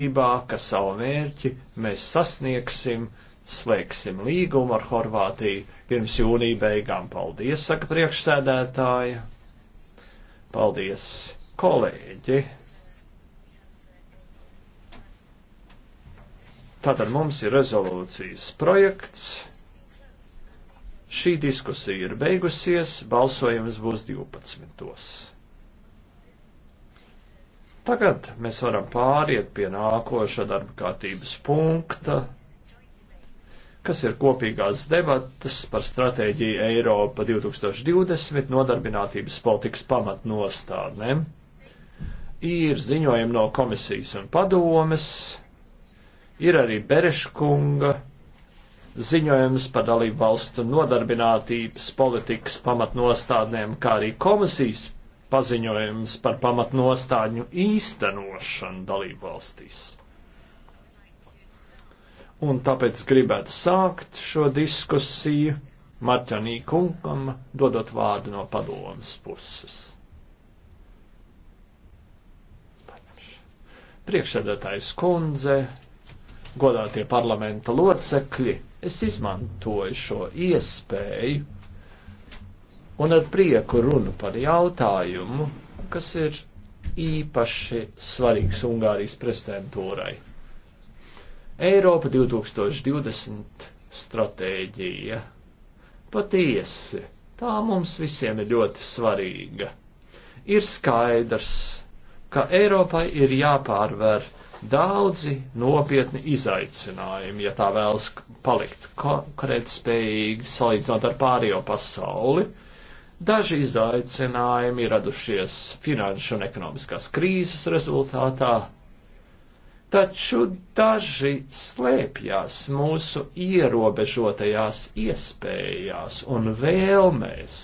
cerībā, ka savu mērķi mēs sasniegsim, slēgsim līgumu ar Horvātiju pirms jūnija beigām. Paldies, saka priekšsēdētāja. Paldies, kolēģi. Tātad mums ir rezolūcijas projekts. Šī diskusija ir beigusies, balsojums būs 12. Tagad mēs varam pāriet pie nākoša darba kārtības punkta, kas ir kopīgās debatas par stratēģiju Eiropa 2020 nodarbinātības politikas pamatnostādnēm. Ir ziņojumi no komisijas un padomes, ir arī Bereškunga ziņojums par dalību valstu nodarbinātības politikas pamatnostādnēm, kā arī komisijas paziņojums par pamatnostāļu īstenošanu dalību valstīs. Un tāpēc gribētu sākt šo diskusiju Marķanī kungam, dodot vārdu no padomas puses. Priekšsēdētājs kundze, godātie parlamenta locekļi, es izmantoju šo iespēju un ar prieku runu par jautājumu, kas ir īpaši svarīgs Ungārijas prezidentūrai. Eiropa 2020 stratēģija. Patiesi, tā mums visiem ir ļoti svarīga. Ir skaidrs, ka Eiropai ir jāpārvar daudzi nopietni izaicinājumi, ja tā vēlas palikt konkurētspējīgi salīdzinot ar pārējo pasauli. Daži izaicinājumi ir radušies finanšu un ekonomiskās krīzes rezultātā, taču daži slēpjas mūsu ierobežotajās iespējās un vēlmēs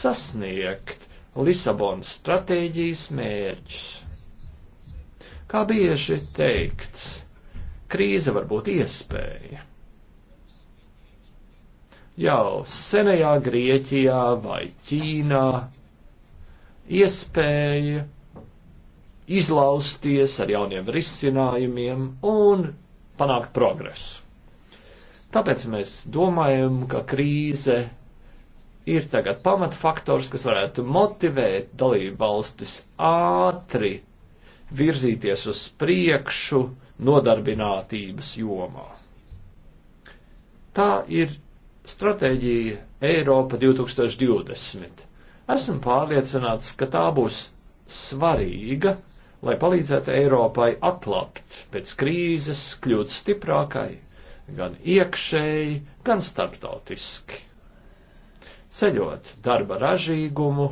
sasniegt Lisabonas stratēģijas mērķus. Kā bieži teikts, krīze var būt iespēja, jau senajā Grieķijā vai Ķīnā iespēja izlausties ar jauniem risinājumiem un panākt progresu. Tāpēc mēs domājam, ka krīze ir tagad pamatfaktors, kas varētu motivēt dalību valstis ātri virzīties uz priekšu nodarbinātības jomā. Tā ir stratēģija Eiropa 2020. Esmu pārliecināts, ka tā būs svarīga, lai palīdzētu Eiropai atlapt pēc krīzes, kļūt stiprākai, gan iekšēji, gan starptautiski. Ceļot darba ražīgumu,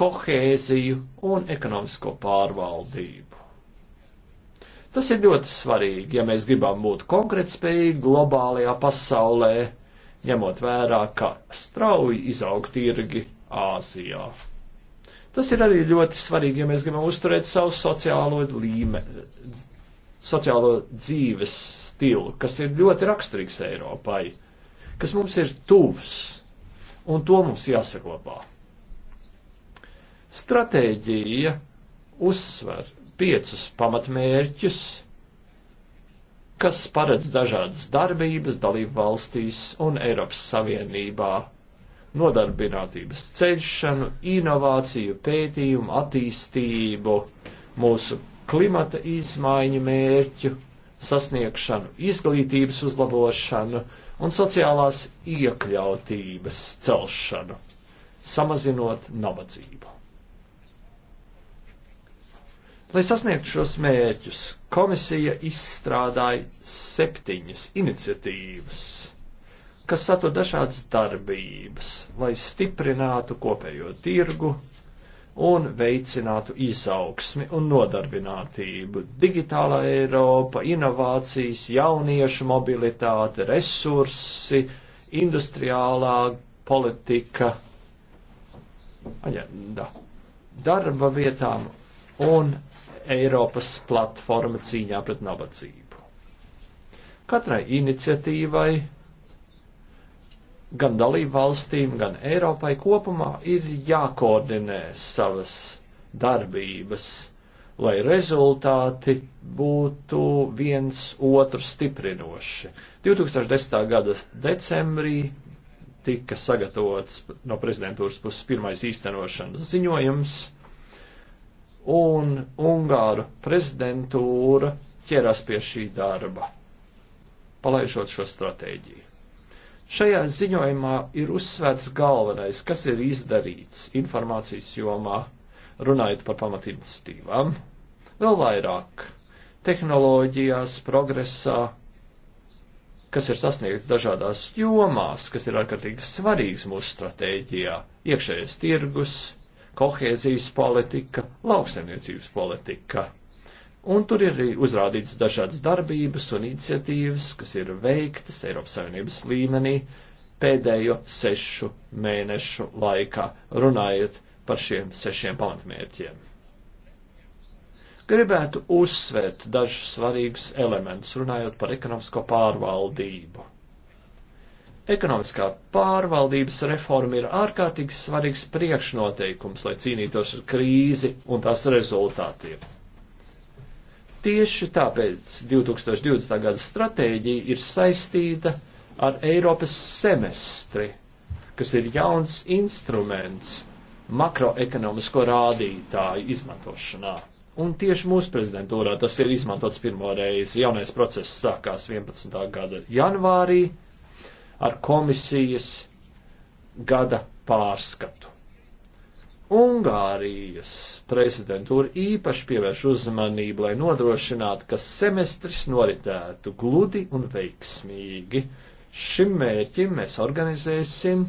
kohēziju un ekonomisko pārvaldību. Tas ir ļoti svarīgi, ja mēs gribam būt konkrētspējīgi globālajā pasaulē, ņemot vērā, ka strauji izaug tirgi Āzijā. Tas ir arī ļoti svarīgi, ja mēs gribam uzturēt savu sociālo līmeni, sociālo dzīves stilu, kas ir ļoti raksturīgs Eiropai, kas mums ir tuvs, un to mums jāsaglabā. Stratēģija uzsver piecus pamatmērķus, kas paredz dažādas darbības dalību valstīs un Eiropas Savienībā - nodarbinātības ceļšanu, inovāciju, pētījumu, attīstību, mūsu klimata izmaiņu mērķu, sasniegšanu, izglītības uzlabošanu un sociālās iekļautības celšanu, samazinot nabadzību. Lai sasniegtu šos mērķus, komisija izstrādāja septiņas iniciatīvas, kas satur dažādas darbības, lai stiprinātu kopējo tirgu un veicinātu izaugsmi un nodarbinātību. Digitālā Eiropa, inovācijas, jauniešu mobilitāte, resursi, industriālā politika, aģenda, darba vietām un Eiropas platforma cīņā pret nabadzību. Katrai iniciatīvai, gan dalību valstīm, gan Eiropai kopumā ir jākoordinē savas darbības, lai rezultāti būtu viens otru stiprinoši. 2010. gada decembrī tika sagatavots no prezidentūras puses pirmais īstenošanas ziņojums un Ungāru prezidentūra ķeras pie šī darba, palaižot šo stratēģiju. Šajā ziņojumā ir uzsvērts galvenais, kas ir izdarīts informācijas jomā, runājot par pamatinicitīvām, vēl vairāk tehnoloģijās, progresā, kas ir sasniegts dažādās jomās, kas ir ārkārtīgi svarīgs mūsu stratēģijā - iekšējais tirgus, kohēzijas politika, lauksaimniecības politika. Un tur ir arī uzrādīts dažādas darbības un iniciatīvas, kas ir veiktas Eiropas Savienības līmenī pēdējo sešu mēnešu laikā, runājot par šiem sešiem pamatmērķiem. Gribētu uzsvērt dažus svarīgus elementus, runājot par ekonomisko pārvaldību. Ekonomiskā pārvaldības reforma ir ārkārtīgi svarīgs priekšnoteikums, lai cīnītos ar krīzi un tās rezultātiem. Tieši tāpēc 2020. gada stratēģija ir saistīta ar Eiropas semestri, kas ir jauns instruments makroekonomisko rādītāju izmantošanā. Un tieši mūsu prezidentūrā tas ir izmantots pirmo reizi. Jaunais process sākās 11. gada janvārī ar komisijas gada pārskatu. Ungārijas prezidentūra īpaši pievērš uzmanību, lai nodrošinātu, ka semestris noritētu gludi un veiksmīgi. Šim mērķim mēs organizēsim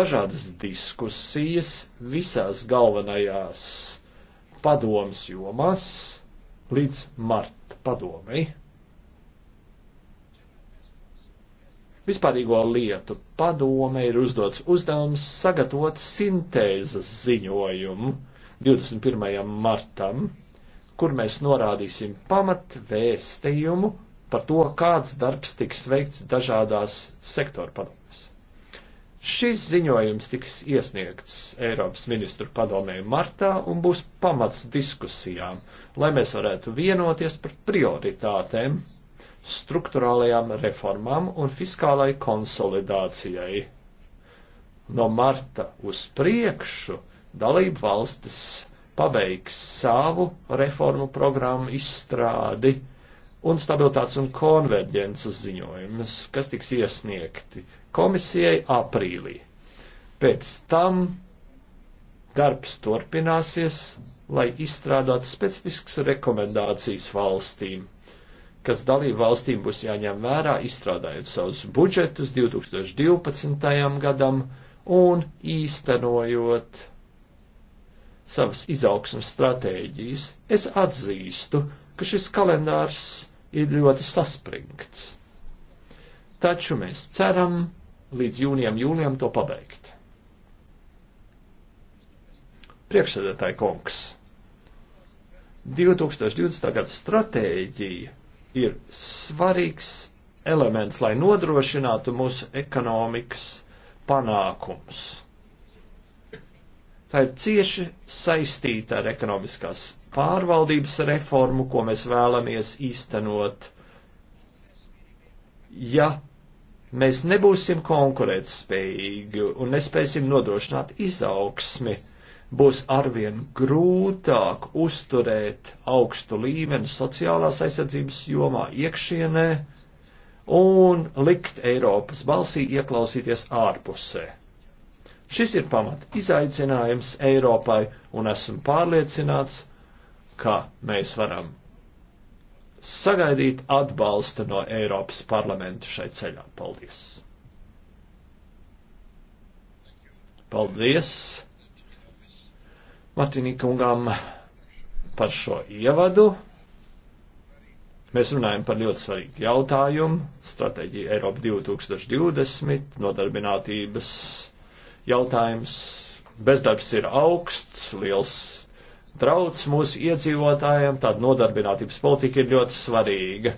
dažādas diskusijas visās galvenajās padomas jomās līdz marta padomei. vispārīgo lietu padome ir uzdots uzdevums sagatavot sintēzes ziņojumu 21. martam, kur mēs norādīsim pamat vēstījumu par to, kāds darbs tiks veikts dažādās sektoru padomēs. Šis ziņojums tiks iesniegts Eiropas ministru padomē martā un būs pamats diskusijām, lai mēs varētu vienoties par prioritātēm strukturālajām reformām un fiskālai konsolidācijai. No marta uz priekšu dalību valstis pabeigs savu reformu programmu izstrādi un stabilitātes un konverģences ziņojumus, kas tiks iesniegti komisijai aprīlī. Pēc tam darbs turpināsies, lai izstrādātu specifiskas rekomendācijas valstīm kas dalību valstīm būs jāņem vērā, izstrādājot savus budžetus 2012. gadam un īstenojot savas izaugsmas stratēģijas. Es atzīstu, ka šis kalendārs ir ļoti saspringts. Taču mēs ceram līdz jūnijam, jūlijam to pabeigt. Priekšsēdētāji kungs, 2020. gada stratēģija ir svarīgs elements, lai nodrošinātu mūsu ekonomikas panākums. Tā ir cieši saistīta ar ekonomiskās pārvaldības reformu, ko mēs vēlamies īstenot. Ja mēs nebūsim konkurētspējīgi un nespēsim nodrošināt izaugsmi, būs arvien grūtāk uzturēt augstu līmeni sociālās aizsardzības jomā iekšienē un likt Eiropas balsī ieklausīties ārpusē. Šis ir pamat izaicinājums Eiropai un esmu pārliecināts, ka mēs varam sagaidīt atbalstu no Eiropas parlamenta šai ceļā. Paldies! Paldies! Matinīkungam par šo ievadu. Mēs runājam par ļoti svarīgu jautājumu - stratēģiju Eiropa 2020, nodarbinātības jautājums. Bezdarbs ir augsts, liels drauds mūsu iedzīvotājiem, tāda nodarbinātības politika ir ļoti svarīga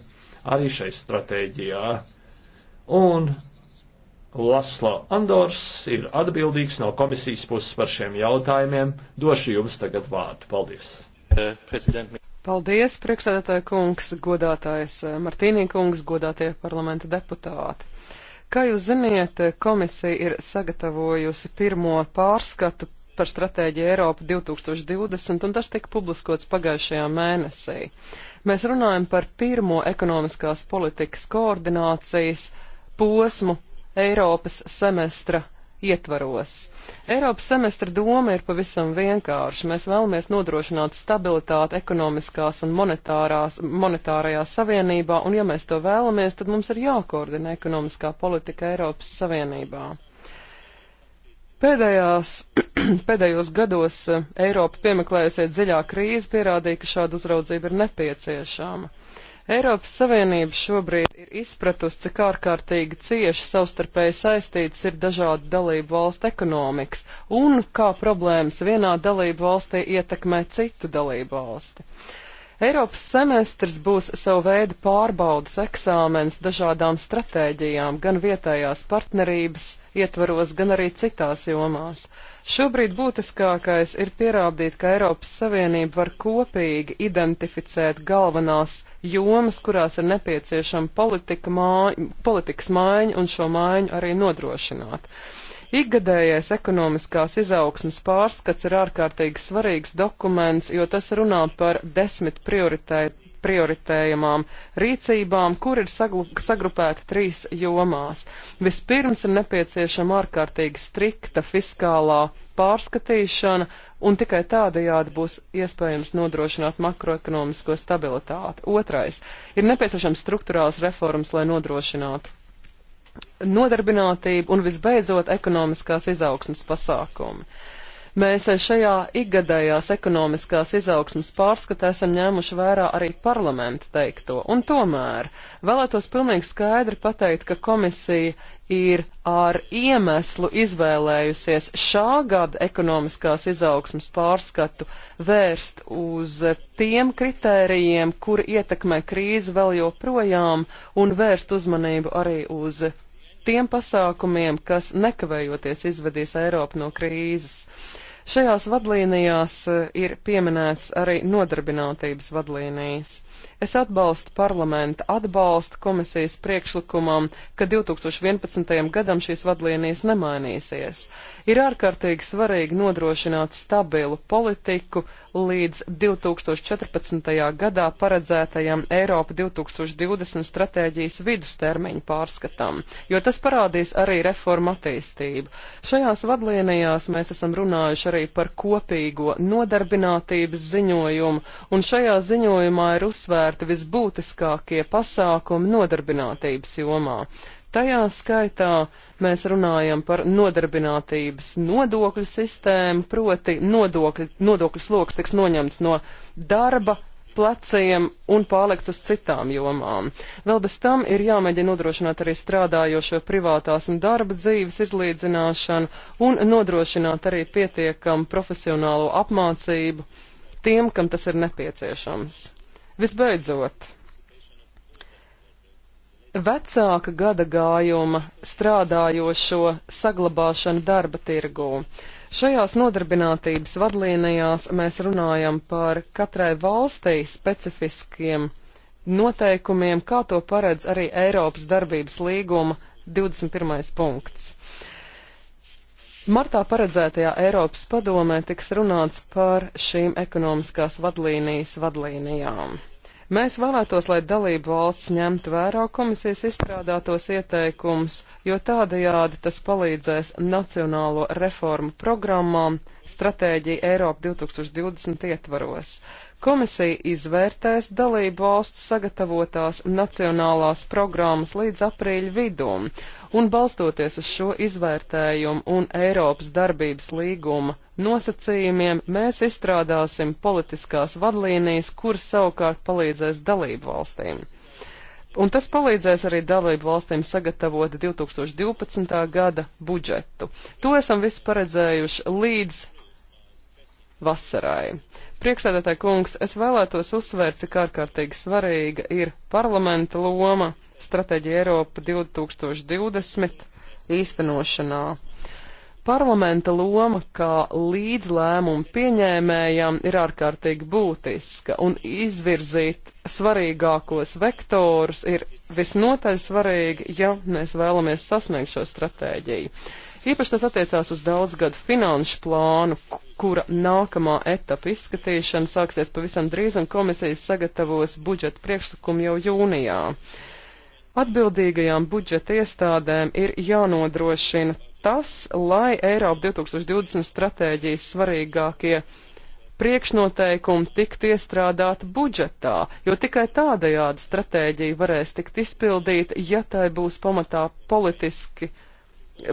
arī šai stratēģijā. Un Laslo Andors ir atbildīgs no komisijas puses par šiem jautājumiem. Došu jums tagad vārdu. Paldies! Paldies, priekšsēdētāja kungs, godātājs eh, Martīnī kungs, godātie parlamenta deputāti. Kā jūs ziniet, komisija ir sagatavojusi pirmo pārskatu par stratēģiju Eiropa 2020, un tas tika publiskots pagājušajā mēnesī. Mēs runājam par pirmo ekonomiskās politikas koordinācijas posmu Eiropas semestra ietvaros. Eiropas semestra doma ir pavisam vienkārša. Mēs vēlamies nodrošināt stabilitāti ekonomiskās un monetārajā savienībā, un ja mēs to vēlamies, tad mums ir jākoordinē ekonomiskā politika Eiropas Savienībā. Pēdējās, pēdējos gados eh, Eiropa piemeklējusies dziļā krīze, pierādīja, ka šāda uzraudzība ir nepieciešama. Eiropas Savienība šobrīd ir izpratusi, cik ārkārtīgi cieši savstarpēji saistītas ir dažādu dalību valstu ekonomikas un kā problēmas vienā dalību valstī ietekmē citu dalību valsti. Eiropas semestrs būs savu veidu pārbaudas eksāmens dažādām stratēģijām, gan vietējās partnerības ietvaros, gan arī citās jomās. Šobrīd būtiskākais ir pierādīt, ka Eiropas Savienība var kopīgi identificēt galvenās jomas, kurās ir nepieciešama politika māja, politikas maiņa un šo maiņu arī nodrošināt. Ikgadējais ekonomiskās izaugsmas pārskats ir ārkārtīgi svarīgs dokuments, jo tas runā par desmit prioritēt prioritējumām rīcībām, kur ir sagrupēta trīs jomās. Vispirms ir nepieciešama ārkārtīgi strikta fiskālā pārskatīšana, un tikai tādajādi būs iespējams nodrošināt makroekonomisko stabilitāti. Otrais - ir nepieciešams struktūrāls reformas, lai nodrošinātu nodarbinātību un visbeidzot ekonomiskās izaugsmas pasākumi. Uh, Mēs šajā ikgadējās ekonomiskās izaugsmas pārskatā esam ņēmuši vērā arī parlamenta teikto. Un tomēr vēlētos pilnīgi skaidri pateikt, ka komisija ir ar iemeslu izvēlējusies šā gada ekonomiskās izaugsmas pārskatu vērst uz tiem kritērijiem, kuri ietekmē krīzi vēl joprojām, un vērst uzmanību arī uz tiem pasākumiem, kas nekavējoties izvedīs Eiropu no krīzes. Šajās vadlīnijās eh, ir pieminēts arī nodarbinātības vadlīnijas. Es atbalstu parlamenta atbalstu komisijas priekšlikumam, ka 2011. gadam šīs vadlīnijas nemainīsies. Ir ārkārtīgi svarīgi nodrošināt stabilu politiku līdz 2014. gadā paredzētajam Eiropa 2020 stratēģijas vidustermiņu pārskatam, jo tas parādīs arī reformu attīstību. Šajās vadlīnijās mēs esam runājuši arī par kopīgo nodarbinātības ziņojumu, un šajā ziņojumā ir uzsvērti visbūtiskākie pasākumi nodarbinātības jomā. Tajā skaitā mēs runājam par nodarbinātības nodokļu sistēmu, proti nodokļu, nodokļu sloks tiks noņemts no darba pleciem un pārliekts uz citām jomām. Vēl bez tam ir jāmēģina nodrošināt arī strādājošo privātās un darba dzīves izlīdzināšanu un nodrošināt arī pietiekam profesionālo apmācību tiem, kam tas ir nepieciešams. Visbeidzot, vecāka gada gājuma strādājošo saglabāšanu darba tirgū. Šajās nodarbinātības vadlīnijās mēs runājam par katrai valstī specifiskiem noteikumiem, kā to paredz arī Eiropas darbības līguma 21. punkts. Martā paredzētajā Eiropas padomē tiks runāts par šīm ekonomiskās vadlīnijas vadlīnijām. Mēs vēlētos, lai dalību valsts ņemtu vērā komisijas izstrādātos ieteikumus, jo tādajādi tas palīdzēs nacionālo reformu programmām stratēģija Eiropa 2020 ietvaros. Komisija izvērtēs dalību valsts sagatavotās nacionālās programmas līdz aprīļa vidum, un balstoties uz šo izvērtējumu un Eiropas darbības līguma nosacījumiem, mēs izstrādāsim politiskās vadlīnijas, kuras savukārt palīdzēs dalību valstīm. Un tas palīdzēs arī dalību valstīm sagatavot 2012. gada budžetu. To esam visu paredzējuši līdz vasarai. Priekšsēdētāji kungs, es vēlētos uzsvērt, cik ārkārtīgi svarīga ir parlamenta loma stratēģija Eiropa 2020 īstenošanā. Parlamenta loma kā līdzlēmumu pieņēmējam ir ārkārtīgi būtiska, un izvirzīt svarīgākos vektorus ir visnotaļ svarīgi, ja mēs vēlamies sasniegt šo stratēģiju. Īpaši tas attiecās uz daudzgadu finanšu plānu, kura nākamā etapa izskatīšana sāksies pavisam drīz, un komisijas sagatavos budžeta priekšlikumu jau jūnijā. Atbildīgajām budžeta iestādēm ir jānodrošina tas, lai Eiropa 2020 stratēģijas svarīgākie priekšnoteikumi tiktu iestrādāti budžetā, jo tikai tādējādi stratēģija varēs tikt izpildīta, ja tai būs pamatā politiski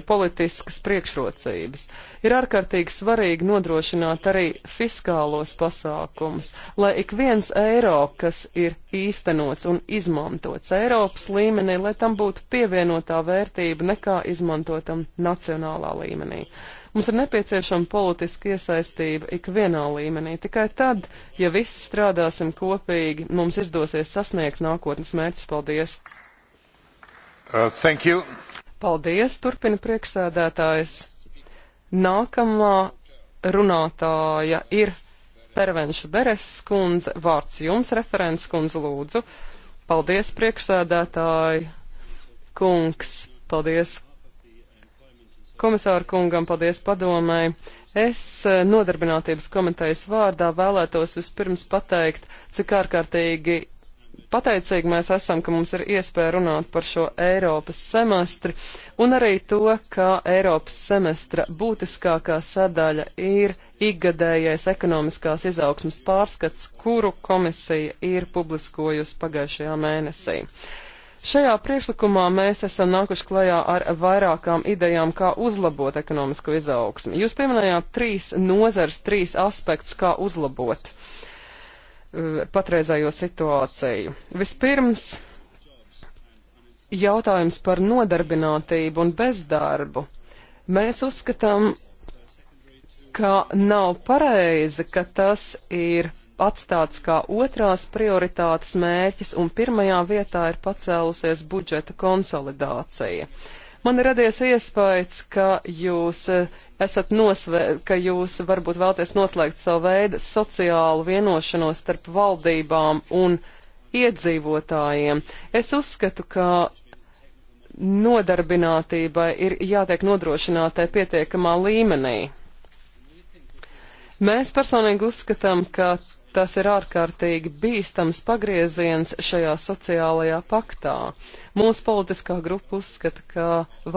politiskas priekšrocības. Ir ārkārtīgi svarīgi nodrošināt arī fiskālos pasākumus, lai ik viens eiro, kas ir īstenots un izmantots Eiropas līmenī, lai tam būtu pievienotā vērtība nekā izmantotam nacionālā līmenī. Mums ir nepieciešama politiska iesaistība ikvienā līmenī. Tikai tad, ja visi strādāsim kopīgi, mums izdosies sasniegt nākotnes mērķus. Paldies! Uh, thank you. Paldies, turpina prieksēdētājs. Nākamā runātāja ir Pervenša Beres skundze. Vārds jums, referents skundze, lūdzu. Paldies, prieksēdētāji. Kungs, paldies komisāru kungam, paldies padomai. Es eh, nodarbinātības komitejas vārdā vēlētos vispirms pateikt, cik ārkārtīgi pateicīgi mēs esam, ka mums ir iespēja runāt par šo Eiropas semestri un arī to, ka Eiropas semestra būtiskākā sadaļa ir ikgadējais ekonomiskās izaugsmas pārskats, kuru komisija ir publiskojusi pagājušajā mēnesī. Šajā priekšlikumā mēs esam nākuši klajā ar vairākām idejām, kā uzlabot ekonomisko izaugsmu. Jūs pieminējāt trīs nozars, trīs aspektus, kā uzlabot. Uh, Eh, patreizējo situāciju. Vispirms jautājums par nodarbinātību un bezdarbu. Mēs uzskatām, ka nav pareizi, ka tas ir atstāts kā otrās prioritātes mērķis un pirmajā vietā ir pacēlusies budžeta konsolidācija. Uh, Man ir radies iespējas, ka jūs eh, esat nosvē, ka jūs varbūt vēlties noslēgt savu veidu sociālu vienošanos starp valdībām un iedzīvotājiem. Es uzskatu, ka nodarbinātībai ir jātiek nodrošinātai pietiekamā līmenī. Mēs personīgi uzskatām, ka Tas ir ārkārtīgi bīstams pagrieziens šajā sociālajā paktā. Mūsu politiskā grupa uzskata, ka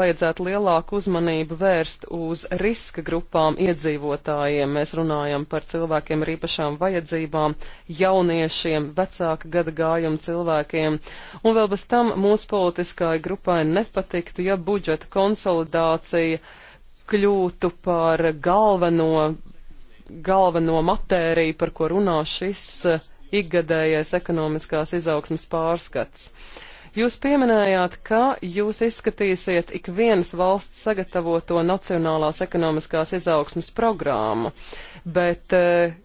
vajadzētu lielāku uzmanību vērst uz riska grupām iedzīvotājiem. Mēs runājam par cilvēkiem ar īpašām vajadzībām, jauniešiem, vecāka gada gājuma cilvēkiem. Un vēl bez tam mūsu politiskajai grupai nepatiktu, ja budžeta konsolidācija kļūtu par galveno galveno matēriju, par ko runā šis eh, ikgadējais ekonomiskās izaugsmas pārskats. Jūs pieminējāt, ka jūs izskatīsiet ik vienas valsts sagatavoto nacionālās ekonomiskās izaugsmas programmu, bet eh,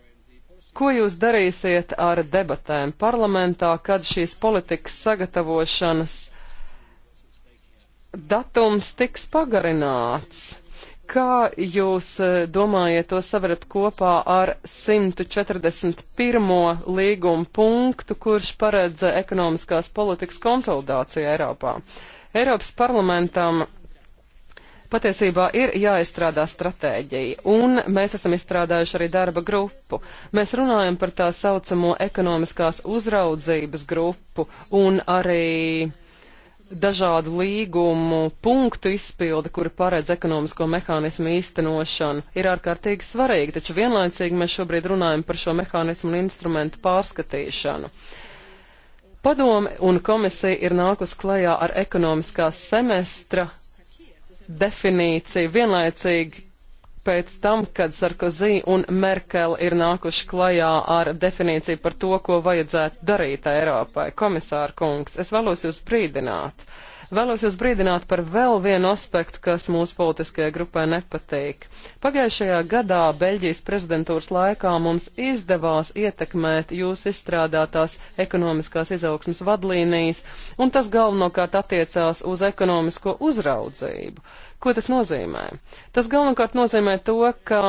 ko jūs darīsiet ar debatēm parlamentā, kad šīs politikas sagatavošanas datums tiks pagarināts? Kā jūs e, domājat to savarat kopā ar 141. līguma punktu, kurš paredz ekonomiskās politikas konsolidāciju Eiropā? Eiropas parlamentam patiesībā ir jāizstrādā stratēģija, un mēs esam izstrādājuši arī darba grupu. Mēs runājam par tā saucamo ekonomiskās uzraudzības grupu un arī dažādu līgumu punktu izpilde, kuri paredz ekonomisko mehānismu īstenošanu, ir ārkārtīgi svarīga, taču vienlaicīgi mēs šobrīd runājam par šo mehānismu un instrumentu pārskatīšanu. Padome un komisija ir nākus klajā ar ekonomiskā semestra definīciju, vienlaicīgi pēc tam, kad Sarkozy un Merkel ir nākuši klajā ar definīciju par to, ko vajadzētu darīt Eiropai. Komisāra kungs, es vēlos jūs brīdināt. Uh, Vēlos jūs brīdināt par vēl vienu aspektu, kas mūsu politiskajai grupai nepatīk. Pagājušajā gadā Beļģijas prezidentūras laikā mums izdevās ietekmēt jūs izstrādātās ekonomiskās izaugsmas vadlīnijas, un tas galvenokārt attiecās uz ekonomisko uzraudzību. Ko tas nozīmē? Tas galvenokārt nozīmē to, ka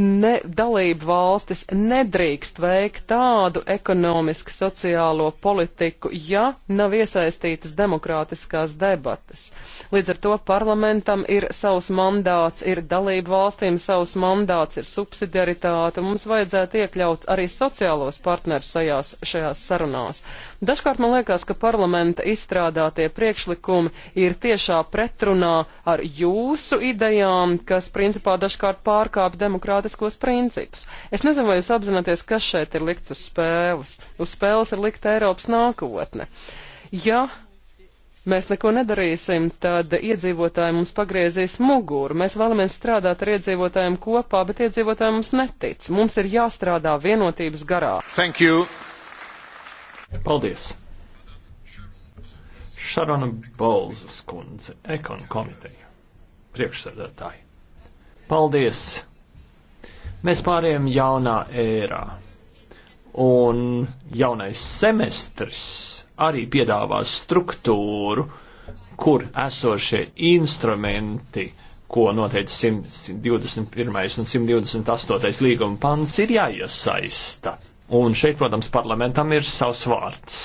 ne, dalību valstis nedrīkst veikt tādu ekonomisku sociālo politiku, ja nav iesaistītas demokrātiskās debatas. Līdz ar to parlamentam ir savs mandāts, ir dalību valstīm savs mandāts, ir subsidiaritāte, un mums vajadzētu iekļaut arī sociālos partnerus šajās, šajās sarunās. Dažkārt man liekas, ka parlamenta izstrādātie priekšlikumi ir tiešā pretrunā ar jūsu idejām, kas principā dažkārt pārkāp demokrātiskos principus. Es nezinu, vai jūs apzināties, kas šeit ir likt uz spēles. Uz spēles ir likt Eiropas nākotne. Ja mēs neko nedarīsim, tad iedzīvotāji mums pagriezīs muguru. Mēs vēlamies strādāt ar iedzīvotājiem kopā, bet iedzīvotāji mums netic. Mums ir jāstrādā vienotības garā. Thank you. Paldies! Šarona Bolzas kundze, Ekon komiteja, priekšsēdētāji. Paldies! Mēs pārējām jaunā ērā, un jaunais semestris arī piedāvās struktūru, kur esošie instrumenti, ko noteica 121. un 128. līguma pants, ir jāiesaista Un šeit, protams, parlamentam ir savs vārds.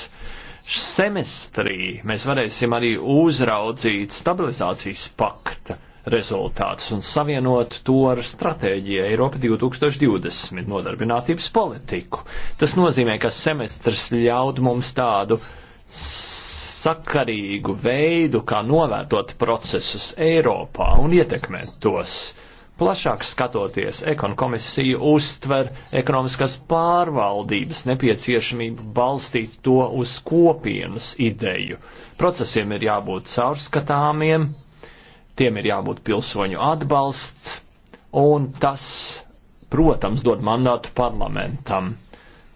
Semestrī mēs varēsim arī uzraudzīt stabilizācijas pakta rezultātus un savienot to ar stratēģiju Eiropa 2020 nodarbinātības politiku. Tas nozīmē, ka semestrs ļaud mums tādu sakarīgu veidu, kā novērtot procesus Eiropā un ietekmēt tos. Uh, Plašāk skatoties, ekon komisija uztver ekonomiskās pārvaldības nepieciešamību balstīt to uz kopienas ideju. Procesiem ir jābūt caurskatāmiem, tiem ir jābūt pilsoņu atbalsts, un tas, protams, dod mandātu parlamentam.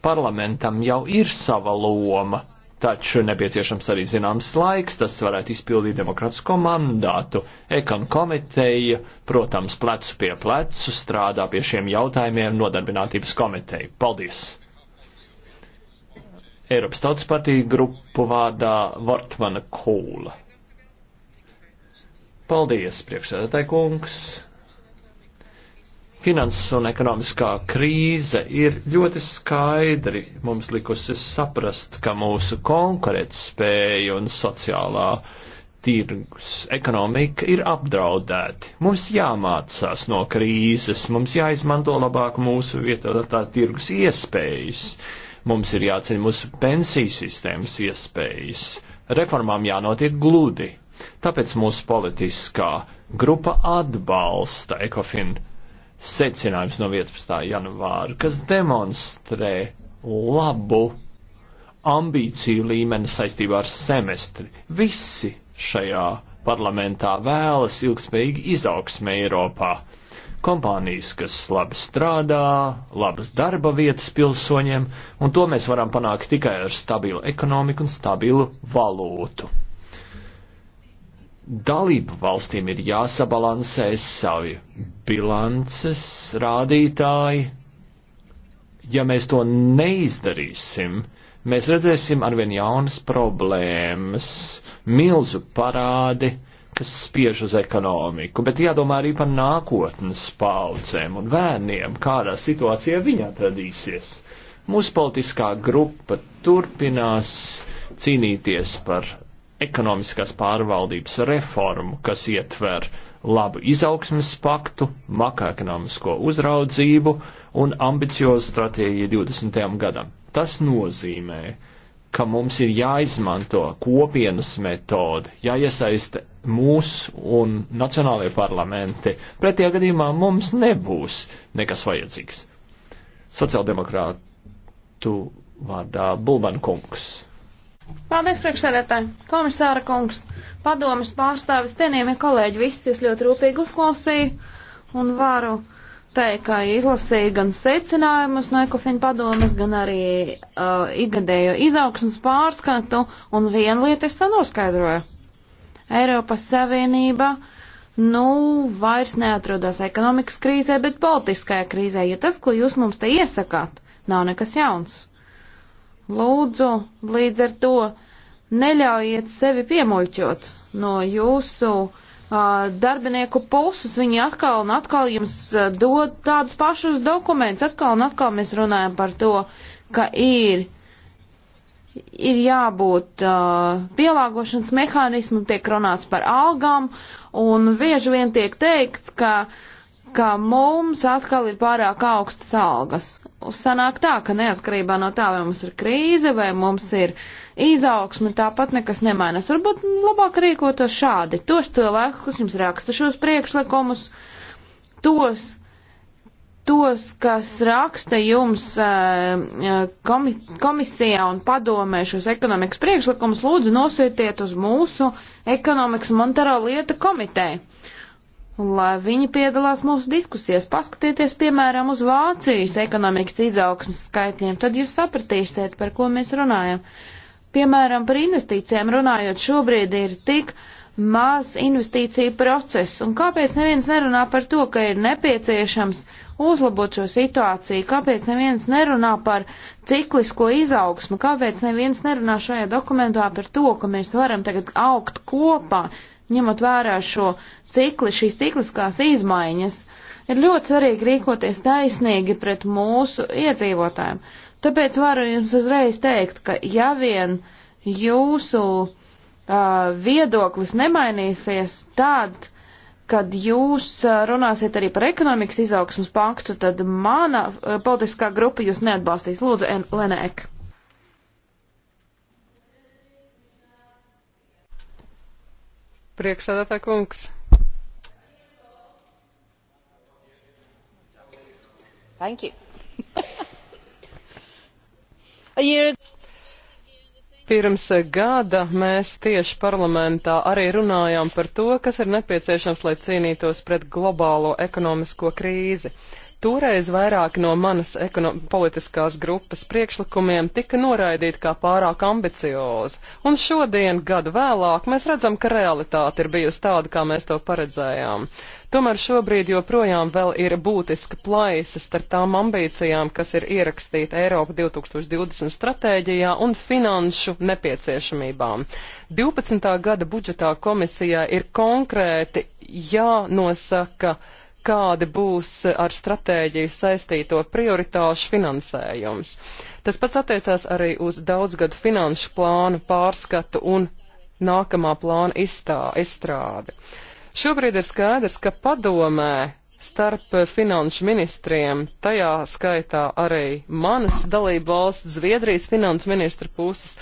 Parlamentam jau ir sava loma Taču nepieciešams arī zināms laiks, tas varētu izpildīt demokratisko mandātu. Ekon komiteja, protams, plecu pie plecu strādā pie šiem jautājumiem nodarbinātības komiteja. Paldies! Eiropas Tautas partija grupu vārdā Vortmana Kūla. Paldies, priekšsēdētāji kungs! Finanses un ekonomiskā krīze ir ļoti skaidri mums likusi saprast, ka mūsu konkurētspēja un sociālā tirgus ekonomika ir apdraudēti. Mums jāmācās no krīzes, mums jāizmanto labāk mūsu vietotā tirgus iespējas, mums ir jāceļ mūsu pensiju sistēmas iespējas, reformām jānotiek gludi. Tāpēc mūsu politiskā grupa atbalsta ekofinu secinājums no 11. janvāra, kas demonstrē labu ambīciju līmeni saistībā ar semestri. Visi šajā parlamentā vēlas ilgspējīgi izaugsmē Eiropā. Kompānijas, kas labi strādā, labas darba vietas pilsoņiem, un to mēs varam panākt tikai ar stabilu ekonomiku un stabilu valūtu dalību valstīm ir jāsabalansē savi bilances rādītāji. Ja mēs to neizdarīsim, mēs redzēsim arvien jaunas problēmas, milzu parādi, kas spiež uz ekonomiku, bet jādomā arī par nākotnes paudzēm un bērniem, kādā situācijā viņi atradīsies. Mūsu politiskā grupa turpinās cīnīties par ekonomiskās pārvaldības reformu, kas ietver labu izaugsmes paktu, makroekonomisko uzraudzību un ambiciozu stratēģiju 20. gadam. Tas nozīmē, ka mums ir jāizmanto kopienas metode, jāiesaista mūs un nacionālajie parlamenti. Pretējā gadījumā mums nebūs nekas vajadzīgs. Sociāldemokrātu vārdā Bulban kungs. Paldies, priekšsēdētāji! Komisāra kungs, padomas pārstāvis, cienījamie kolēģi, visus jūs ļoti rūpīgi uzklausīju un varu teikt, ka izlasīju gan secinājumus no Ekofina padomas, gan arī uh, ikgadējo izaugsmas pārskatu, un vienu lietu es tā noskaidroju. Eiropas Savienība, nu, vairs neatrodas ekonomikas krīzē, bet politiskajā krīzē, jo tas, ko jūs mums te iesakāt, nav nekas jauns. Lūdzu, līdz ar to neļaujiet sevi piemuļķot no jūsu uh, darbinieku puses. Viņi atkal un atkal jums dod tādus pašus dokumentus. Atkal un atkal mēs runājam par to, ka ir, ir jābūt uh, pielāgošanas mehānismam, tiek runāts par algām un bieži vien tiek teikts, ka uh, ka mums atkal ir pārāk augstas algas. Sanāk tā, ka neatkarībā no tā, vai mums ir krīze, vai mums ir izaugsme, tāpat nekas nemainās. Varbūt labāk rīkotos šādi. Tos cilvēkus, kas jums raksta šos priekšlikumus, tos, tos kas raksta jums eh, eh, komi komisijā un padomē šos ekonomikas priekšlikumus, lūdzu nosūtiet uz mūsu ekonomikas monetāro lietu komiteju lai viņi piedalās mūsu diskusijās. Paskatieties, piemēram, uz Vācijas ekonomikas izaugsmas skaitļiem, tad jūs sapratīsiet, par ko mēs runājam. Piemēram, par investīcijām runājot, šobrīd ir tik maz investīciju procesu, un kāpēc neviens nerunā par to, ka ir nepieciešams uzlabot šo situāciju, kāpēc neviens nerunā par ciklisko izaugsmu, kāpēc neviens nerunā šajā dokumentā par to, ka mēs varam tagad augt kopā, ņemot vērā šo cikli, šīs cikliskās izmaiņas, ir ļoti svarīgi rīkoties taisnīgi pret mūsu iedzīvotājiem. Tāpēc varu jums uzreiz teikt, ka ja vien jūsu uh, viedoklis nemainīsies tad, kad jūs runāsiet arī par ekonomikas izaugsmas paktu, tad mana uh, politiskā grupa jūs neatbalstīs. Lūdzu, Lene Ek. Priekšsēdētāj kungs. Thank you. Pirms gada mēs tieši parlamentā arī runājām par to, kas ir nepieciešams, lai cīnītos pret globālo ekonomisko krīzi. Toreiz vairāk no manas politiskās grupas priekšlikumiem tika noraidīti kā pārāk ambiciozi, un šodien, gadu vēlāk, mēs redzam, ka realitāte ir bijusi tāda, kā mēs to paredzējām. Tomēr šobrīd joprojām vēl ir būtiska plaisa starp tām ambīcijām, kas ir ierakstīta Eiropa 2020 stratēģijā un finanšu nepieciešamībām. 12. gada budžetā komisijā ir konkrēti jānosaka, ja kādi būs ar stratēģiju saistīto prioritāšu finansējums. Tas pats attiecās arī uz daudzgadu finanšu plānu pārskatu un nākamā plāna izstā, izstrādi. Šobrīd ir skaidrs, ka padomē starp finanšu ministriem, tajā skaitā arī manas dalību valsts, Zviedrijas finanšu ministra puses,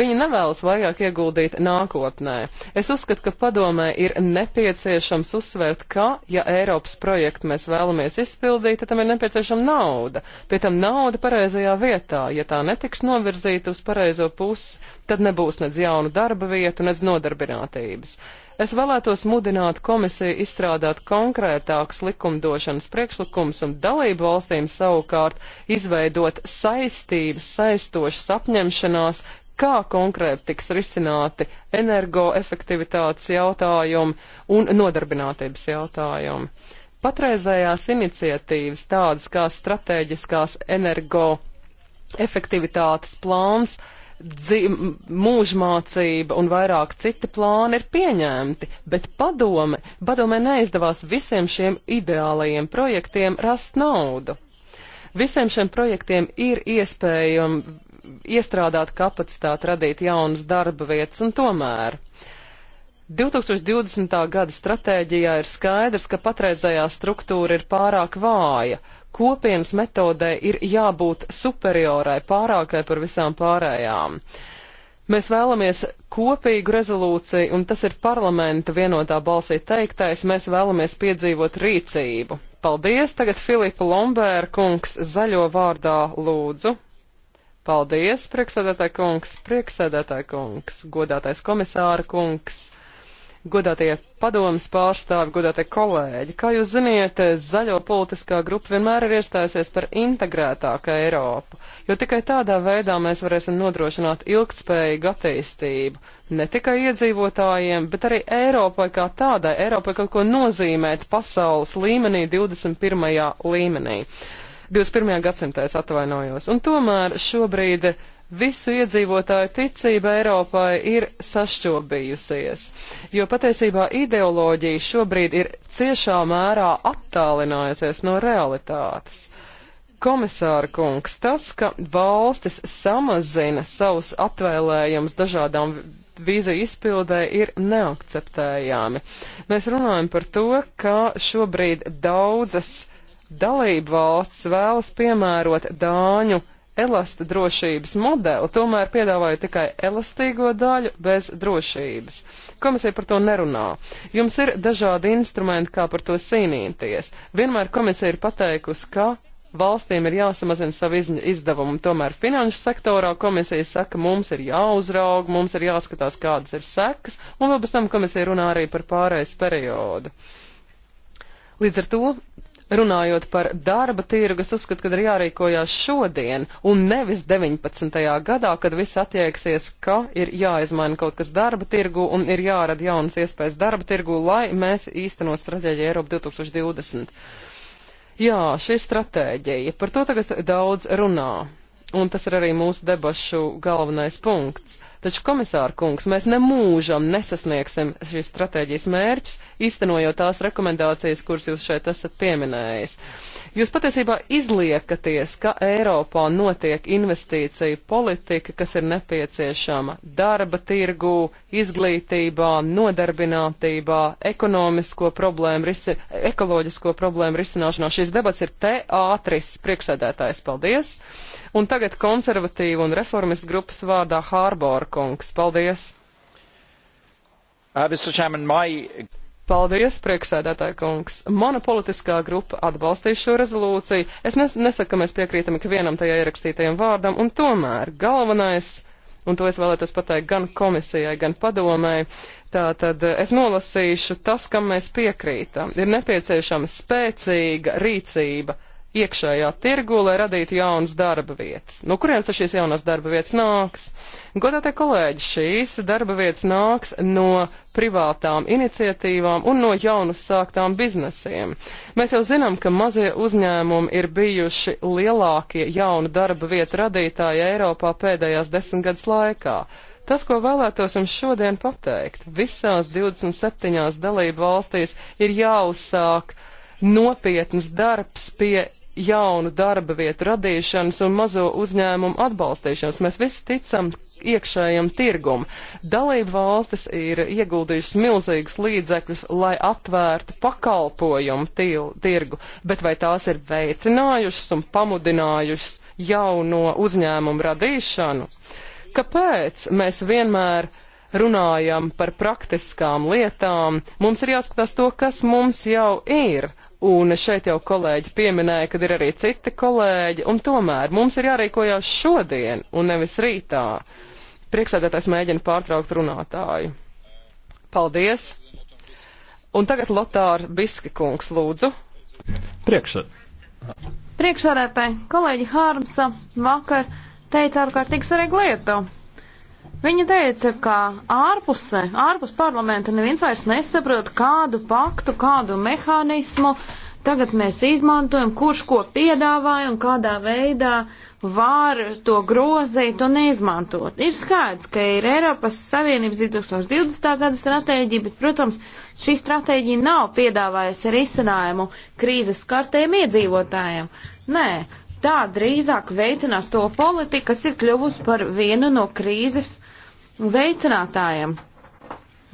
viņi nevēlas vairāk ieguldīt nākotnē. Es uzskatu, ka padomē ir nepieciešams uzsvērt, ka, ja Eiropas projektu mēs vēlamies izpildīt, tad tam ir nepieciešama nauda. Pie tam nauda pareizajā vietā, ja tā netiks novirzīta uz pareizo pusi, tad nebūs nedz jaunu darba vietu, nedz nodarbinātības. Es vēlētos mudināt komisiju izstrādāt konkrētākus likumdošanas priekšlikumus un dalību valstīm savukārt izveidot saistības, saistošas apņemšanās, kā konkrēti tiks risināti energoefektivitātes jautājumi un nodarbinātības jautājumi. Patreizējās iniciatīvas tādas kā strateģiskās energoefektivitātes plāns, uh, mūžmācība un vairāk citi plāni ir pieņemti, bet padome, padomē neizdevās visiem šiem ideālajiem projektiem rast naudu. Visiem šiem projektiem ir iespējami iestrādāt kapacitāti, radīt jaunas darba vietas un tomēr. 2020. gada stratēģijā ir skaidrs, ka patreizējā struktūra ir pārāk vāja kopienas metodē ir jābūt superiorai, pārākai par visām pārējām. Mēs vēlamies kopīgu rezolūciju, un tas ir parlamenta vienotā balsī teiktais, mēs vēlamies piedzīvot rīcību. Paldies, tagad Filipa Lombēra kungs zaļo vārdā lūdzu. Paldies, prieksēdētāji kungs, prieksēdētāji kungs, godātais komisāra kungs godātie padomas pārstāvi, godātie kolēģi. Kā jūs ziniet, zaļo politiskā grupa vienmēr ir iestājusies par integrētāku Eiropu, jo tikai tādā veidā mēs varēsim nodrošināt ilgtspējīgu attīstību. Ne tikai iedzīvotājiem, bet arī Eiropai kā tādai, Eiropai kaut ko nozīmēt pasaules līmenī, 21. līmenī. 21. gadsimtā es atvainojos. Un tomēr šobrīd visu iedzīvotāju ticība Eiropai ir sašķobījusies, jo patiesībā ideoloģija šobrīd ir ciešā mērā attālinājusies no realitātes. Komisāra kungs, tas, ka valstis samazina savus atvēlējumus dažādām vīziju izpildē ir neakceptējami. Mēs runājam par to, ka šobrīd daudzas dalību valsts vēlas piemērot Dāņu elasta drošības modeli, tomēr piedāvāja tikai elastīgo daļu bez drošības. Komisija par to nerunā. Jums ir dažādi instrumenti, kā par to cīnīties. Vienmēr komisija ir pateikusi, ka valstīm ir jāsamazina savu izdevumu. Tomēr finanšu sektorā komisija saka, mums ir jāuzraug, mums ir jāskatās, kādas ir sekas, un vēl bez tam komisija runā arī par pārējais periodu. Līdz ar to runājot par darba tirgu, es uzskatu, ka ir jārīkojās šodien un nevis 19. gadā, kad viss attieksies, ka ir jāizmaina kaut kas darba tirgu un ir jārada jaunas iespējas darba tirgu, lai mēs īstenot strateģiju Eiropa 2020. Jā, šī stratēģija, par to tagad daudz runā, un tas ir arī mūsu debašu galvenais punkts. Taču, komisāra kungs, mēs nemūžam nesasniegsim šīs stratēģijas mērķus, iztenojot tās rekomendācijas, kuras jūs šeit esat pieminējis. Jūs patiesībā izliekaties, ka Eiropā notiek investīcija politika, kas ir nepieciešama darba tirgū, izglītībā, nodarbinātībā, ekonomisko problēmu, risi, ekoloģisko problēmu risināšanā. Šīs debats ir teātris, priekšsēdētājs, paldies! Un tagad konservatīva un reformistu grupas vārdā Hārbora kungs. Paldies! Uh, Chairman, my... Paldies, priekšsēdētāja kungs. Mana politiskā grupa atbalstīs šo rezolūciju. Es nes nesaku, ka mēs piekrītam ikvienam tajā ierakstītajam vārdam, un tomēr galvenais un to es vēlētos pateikt gan komisijai, gan padomēji. Tātad es nolasīšu tas, kam mēs piekrītam. Ir nepieciešama spēcīga rīcība iekšējā tirgu, lai radītu jaunas darba vietas. No kurienes tad šīs jaunās darba vietas nāks? Godātie kolēģi, šīs darba vietas nāks no privātām iniciatīvām un no jaunas sāktām biznesiem. Mēs jau zinām, ka mazie uzņēmumi ir bijuši lielākie jaunu darba vietu radītāji Eiropā pēdējās desmitgades laikā. Tas, ko vēlētos jums šodien pateikt, visās 27 dalību valstīs ir jāuzsāk nopietns darbs pie jaunu darba vietu radīšanas un mazo uzņēmumu atbalstīšanas. Mēs visi ticam iekšējam tirgum. Dalību valstis ir ieguldījušas milzīgus līdzekļus, lai atvērtu pakalpojumu tirgu, bet vai tās ir veicinājušas un pamudinājušas jauno uzņēmumu radīšanu? Kāpēc mēs vienmēr runājam par praktiskām lietām, mums ir jāskatās to, kas mums jau ir, Un šeit jau kolēģi pieminēja, ka ir arī citi kolēģi, un tomēr mums ir jārīkojās šodien un nevis rītā. Priekšsēdētājs mēģina pārtraukt runātāju. Paldies! Un tagad Lotāra Biski kungs lūdzu. Priekšsēd. Priekšsēdētāji, kolēģi Hārmsa vakar teica ārkārtīgi svarīgu lietu. Viņa teica, ka ārpusē, ārpus parlamenta neviens vairs nesaprot, kādu paktu, kādu mehānismu tagad mēs izmantojam, kurš ko piedāvāja un kādā veidā var to grozīt un izmantot. Ir skaidrs, ka ir Eiropas Savienības 2020. gada stratēģija, bet, protams, šī stratēģija nav piedāvājusi risinājumu krīzes kartējiem iedzīvotājiem. Nē, tā drīzāk veicinās to politiku, kas ir kļuvusi par vienu no krīzes veicinātājiem.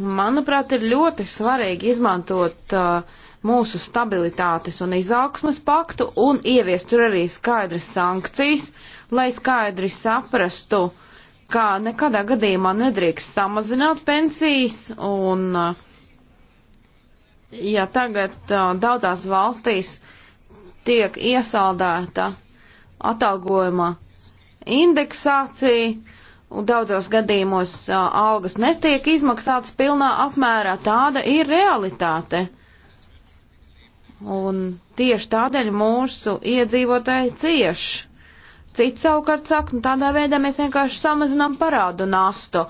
Manuprāt, ir ļoti svarīgi izmantot uh, mūsu stabilitātes un izaugsmas paktu un ieviest tur arī skaidras sankcijas, lai skaidri saprastu, ka nekadā gadījumā nedrīkst samazināt pensijas un, uh, ja tagad uh, daudzās valstīs tiek iesaldēta atalgojuma indeksācija, un daudzos gadījumos algas netiek izmaksātas pilnā apmērā. Tāda ir realitāte. Un tieši tādēļ mūsu iedzīvotāji cieš. Cits savukārt saka, nu tādā veidā mēs vienkārši samazinām parādu nastu.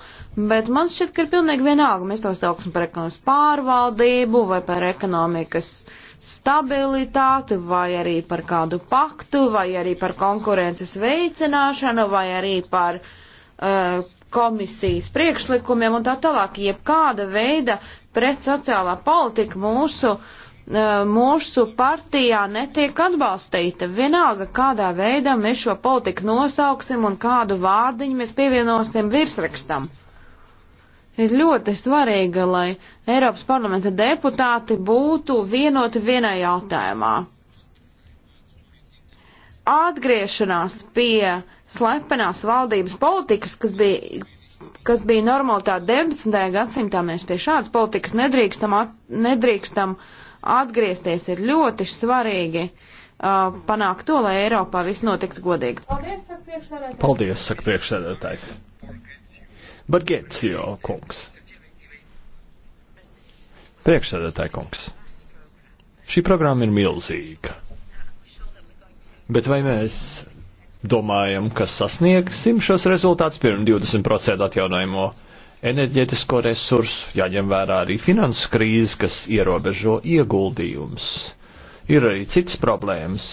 Bet man šķiet, ka ir pilnīgi vienalga, mēs to sauksim par ekonomikas pārvaldību vai par ekonomikas stabilitāti vai arī par kādu paktu vai arī par konkurences veicināšanu vai arī par uh, Eh, komisijas priekšlikumiem un tā tālāk. Jebkāda veida pretsociālā politika mūsu, eh, mūsu partijā netiek atbalstīta. Vienalga, kādā veidā mēs šo politiku nosauksim un kādu vārdiņu mēs pievienosim virsrakstam. Ir ļoti svarīgi, lai Eiropas parlamenta deputāti būtu vienoti vienā jautājumā. Atgriešanās pie uh, slepenās valdības politikas, kas bija, kas bija normalitāte 19. gadsimtā, mēs pie šādas politikas nedrīkstam, at, nedrīkstam atgriezties. Ir ļoti svarīgi uh, panākt to, lai Eiropā viss notiktu godīgi. Paldies, saka priekšsēdētājs. Paldies, saka priekšsēdētājs. Bargēcijo kungs. Priekšsēdētāja kungs. Šī programma ir milzīga. Bet vai mēs domājam, ka sasniegsim šos rezultātus pirms 20% atjaunojamo enerģetisko resursu, jāņem vērā arī finanses krīze, kas ierobežo ieguldījums. Ir arī citas problēmas.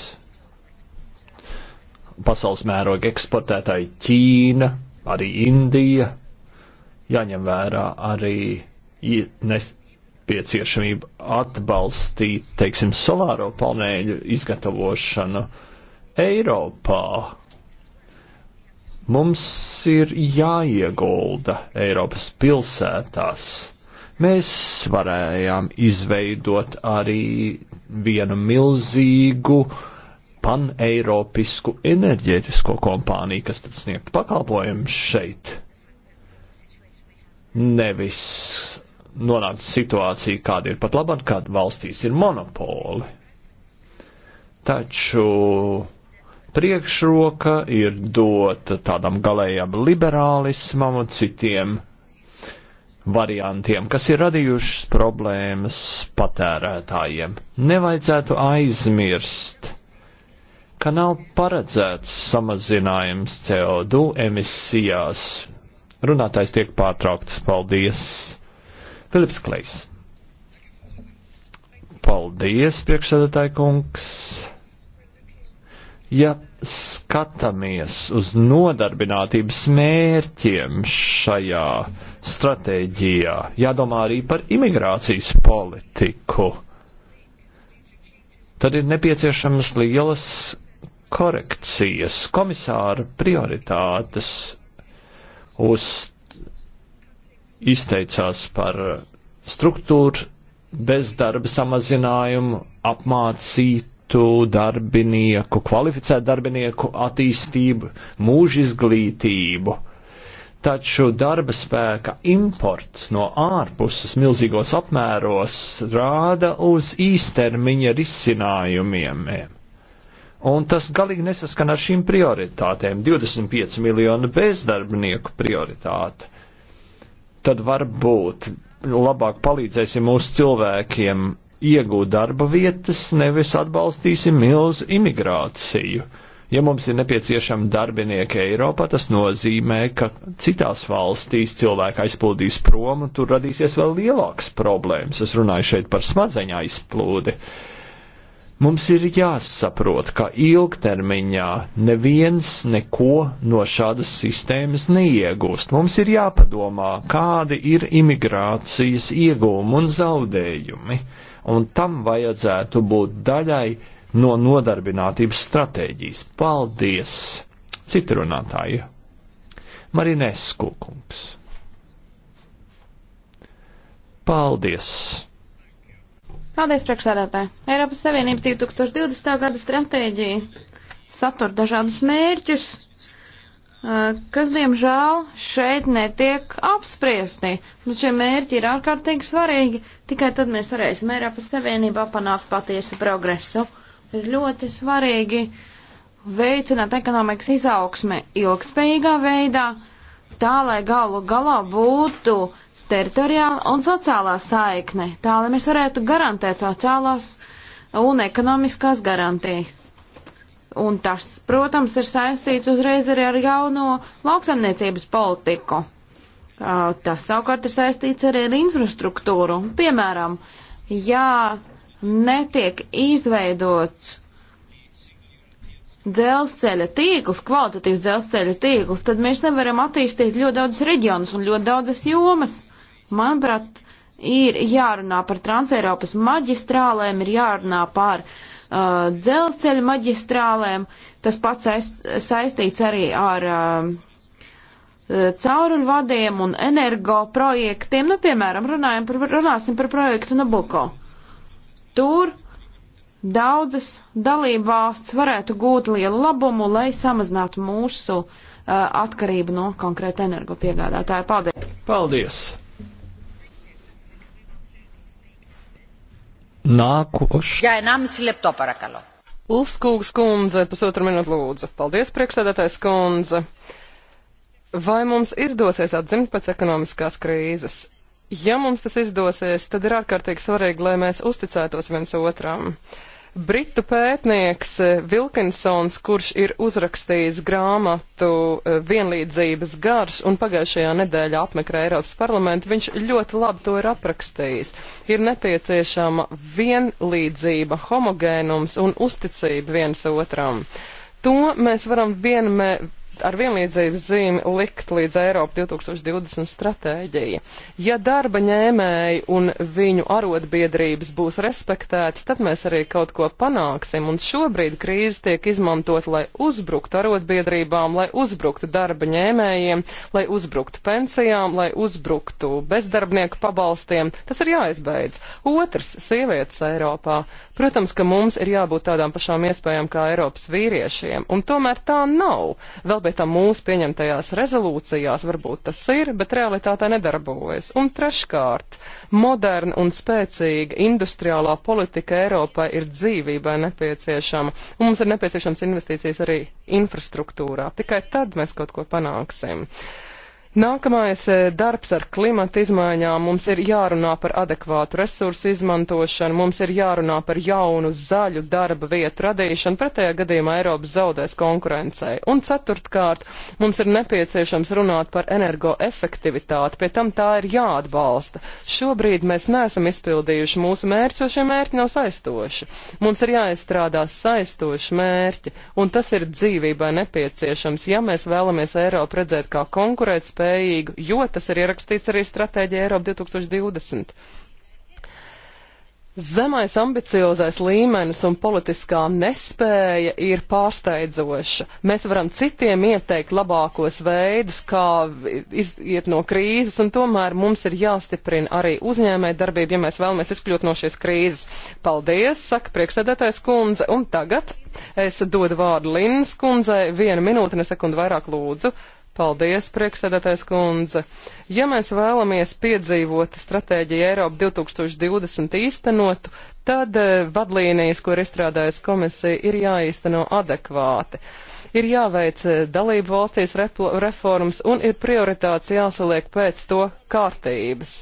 Pasaules mēroga eksportētāji Ķīna, arī Indija, jāņem vērā arī nepieciešamība atbalstīt, teiksim, solāro panēļu izgatavošanu Eiropā mums ir jāiegulda Eiropas pilsētās. Mēs varējām izveidot arī vienu milzīgu paneiropisku enerģētisko kompāniju, kas tad sniegtu pakalpojumus šeit. Nevis nonākt situācija, kāda ir pat labāk, kad valstīs ir monopoli. Taču priekšroka ir dota tādam galējam liberālismam un citiem variantiem, kas ir radījušas problēmas patērētājiem. Nevajadzētu aizmirst, ka nav paredzēts samazinājums CO2 emisijās. Runātājs tiek pārtraukts. Paldies! Filips Klejs. Paldies, priekšsēdētāji kungs! Ja skatāmies uz nodarbinātības mērķiem šajā stratēģijā, jādomā arī par imigrācijas politiku, tad ir nepieciešamas lielas korekcijas, komisāra prioritātes uz izteicās par struktūru bezdarba samazinājumu, apmācīt citu darbinieku, kvalificētu darbinieku attīstību, mūža izglītību. Taču darba spēka imports no ārpuses milzīgos apmēros rāda uz īstermiņa risinājumiem. Un tas galīgi nesaskan ar šīm prioritātēm - 25 miljonu bezdarbnieku prioritāte. Tad varbūt labāk palīdzēsim mūsu cilvēkiem iegūt darba vietas, nevis atbalstīsim milzu imigrāciju. Ja mums ir nepieciešami darbinieki Eiropā, tas nozīmē, ka citās valstīs cilvēki aizplūdīs prom un tur radīsies vēl lielākas problēmas. Es runāju šeit par smadzeņu aizplūdi. Mums ir jāsaprot, ka ilgtermiņā neviens neko no šādas sistēmas neiegūst. Mums ir jāpadomā, kādi ir imigrācijas iegūmi un zaudējumi un tam vajadzētu būt daļai no nodarbinātības stratēģijas. Paldies! Citi runātāji. Marinesku kungs. Paldies! Paldies, priekšsēdētāji! Eiropas Savienības 2020. gada stratēģija satur dažādus mērķus, Eh, kas, diemžēl, šeit netiek apspriesti. Mums šie mērķi ir ārkārtīgi svarīgi, tikai tad mēs varēsim Eiropas Savienībā panākt patiesu progresu. Ir ļoti svarīgi veicināt ekonomikas izaugsme ilgspējīgā veidā, tā lai galu galā būtu teritoriāla un sociālā saikne, tā lai mēs varētu garantēt sociālās un ekonomiskās garantijas. Un tas, protams, ir saistīts uzreiz arī ar jauno lauksaimniecības politiku. Tas savukārt ir saistīts arī ar infrastruktūru. Piemēram, ja netiek izveidots dzelzceļa tīkls, kvalitatīvs dzelzceļa tīkls, tad mēs nevaram attīstīt ļoti daudzas reģionus un ļoti daudzas jomas. Manuprāt, ir jārunā par transeiropas maģistrālēm, ir jārunā par uh, uh, dzelzceļa maģistrālēm. Tas pats saist, saistīts arī ar um, uh, cauruļvadiem un energo projektiem. Nu, piemēram, runājam par, runāsim par projektu Nabuko. Tur daudzas dalību valsts varētu gūt lielu labumu, lai samazinātu mūsu uh, atkarību no konkrēta energo piegādātāja. Paldies! Paldies! Nākošais. Jā, nāmis lepto parakalo. Ulfskūgas kundze, pusotru minūtu lūdzu. Paldies, priekšsēdētājs kundze. Vai mums izdosies atzimt pēc ekonomiskās krīzes? Ja mums tas izdosies, tad ir ārkārtīgi svarīgi, lai mēs uzticētos viens otram. Uh, Britu pētnieks Vilkinsons, eh, kurš ir uzrakstījis grāmatu eh, vienlīdzības garš un pagājušajā nedēļā apmeklē Eiropas parlamentu, viņš ļoti labi to ir aprakstījis. Ir nepieciešama vienlīdzība, homogēnums un uzticība viens otram. To mēs varam vienmēr ar vienlīdzības zīmi likt līdz Eiropa 2020 stratēģija. Ja darba ņēmēji un viņu arotbiedrības būs respektētas, tad mēs arī kaut ko panāksim. Un šobrīd krīze tiek izmantot, lai uzbruktu arotbiedrībām, lai uzbruktu darba ņēmējiem, lai uzbruktu pensijām, lai uzbruktu bezdarbnieku pabalstiem. Tas ir jāizbeidz. Otrs - sievietes Eiropā. Protams, ka mums ir jābūt tādām pašām iespējām kā Eiropas vīriešiem, un tomēr tā nav. Vēl pie tam mūsu pieņemtajās rezolūcijās varbūt tas ir, bet realitātē nedarbojas. Un treškārt, moderna un spēcīga industriālā politika Eiropai ir dzīvībai nepieciešama, un mums ir nepieciešams investīcijas arī infrastruktūrā. Tikai tad mēs kaut ko panāksim. Nākamais e, darbs ar klimata izmaiņām. Mums ir jārunā par adekvātu resursu izmantošanu, mums ir jārunā par jaunu zaļu darba vietu radīšanu, pretējā gadījumā Eiropa zaudēs konkurencei. Un ceturtkārt, mums ir nepieciešams runāt par energoefektivitāti, pie tam tā ir jāatbalsta. Šobrīd mēs neesam izpildījuši mūsu mērķus, jo šie mērķi nav saistoši. Mums ir jāizstrādā saistoši mērķi, un tas ir dzīvībai nepieciešams, ja mēs vēlamies Eiropu redzēt kā konkurētspēju spējīgu, jo tas ir ierakstīts arī stratēģija Eiropa 2020. Zemais ambiciozais līmenis un politiskā nespēja ir pārsteidzoša. Mēs varam citiem ieteikt labākos veidus, kā iziet no krīzes, un tomēr mums ir jāstiprina arī uzņēmē darbība, ja mēs vēlamies izkļūt no šīs krīzes. Paldies, saka priekšsēdētājs kundze, un tagad es dodu vārdu Linnas kundzei. Vienu minūti, ne sekundu vairāk lūdzu. Paldies, priekšsēdētājs kundze. Ja mēs vēlamies piedzīvot stratēģiju Eiropa 2020 īstenotu, tad eh, vadlīnijas, ko ir izstrādājusi komisija, ir jāīsteno adekvāti. Ir jāveic eh, dalību valstīs reformas un ir prioritāts jāsaliek pēc to kārtības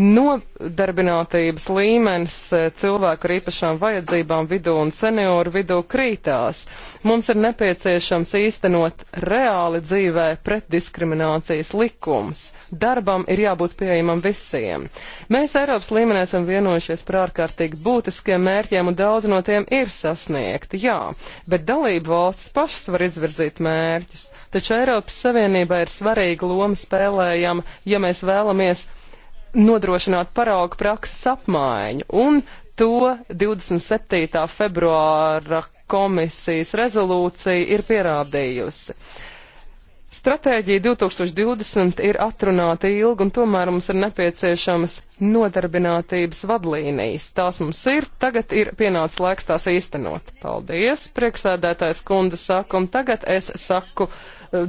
nodarbinātības līmenis e, cilvēku ar īpašām vajadzībām vidū un senioru vidū krītās. Mums ir nepieciešams īstenot reāli dzīvē pretdiskriminācijas likums. Darbam ir jābūt pieejamam visiem. Mēs Eiropas līmenī esam vienojušies par ārkārtīgi būtiskiem mērķiem un daudz no tiem ir sasniegti, jā, bet dalību valstis pašas var izvirzīt mērķus. Taču Eiropas Savienībā ir svarīga loma spēlējama, ja mēs vēlamies nodrošināt paraugu prakses apmaiņu, un to 27. februāra komisijas rezolūcija ir pierādījusi. Stratēģija 2020 ir atrunāta ilgi, un tomēr mums ir nepieciešamas nodarbinātības vadlīnijas. Tās mums ir, tagad ir pienācis laiks tās īstenot. Paldies, priekšsēdētājs kundze saka, un tagad es saku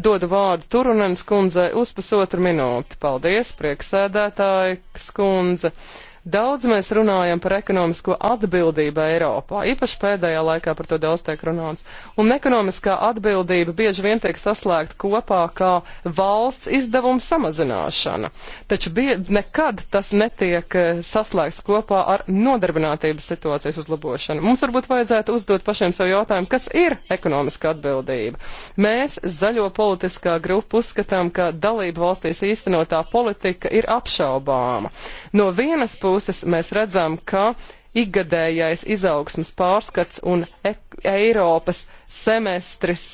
dodu vārdu Turunens kundzei uz pusotru minūti. Paldies, prieksēdētāji skundze. Uh, Daudz mēs runājam par ekonomisko atbildību Eiropā, īpaši pēdējā laikā par to daudz tiek runāts. Un ekonomiskā atbildība bieži vien tiek saslēgta kopā kā valsts izdevuma samazināšana. Taču bie, nekad tas netiek eh, saslēgts kopā ar nodarbinātības situācijas uzlabošanu. Mums varbūt vajadzētu uzdot pašiem sev jautājumu, kas ir ekonomiska atbildība. Mēs zaļo politiskā grupa uzskatām, ka dalību valstīs īstenotā politika ir apšaubāma. No vienas puses, puses mēs redzam, ka ikgadējais izaugsmas pārskats un e Eiropas semestris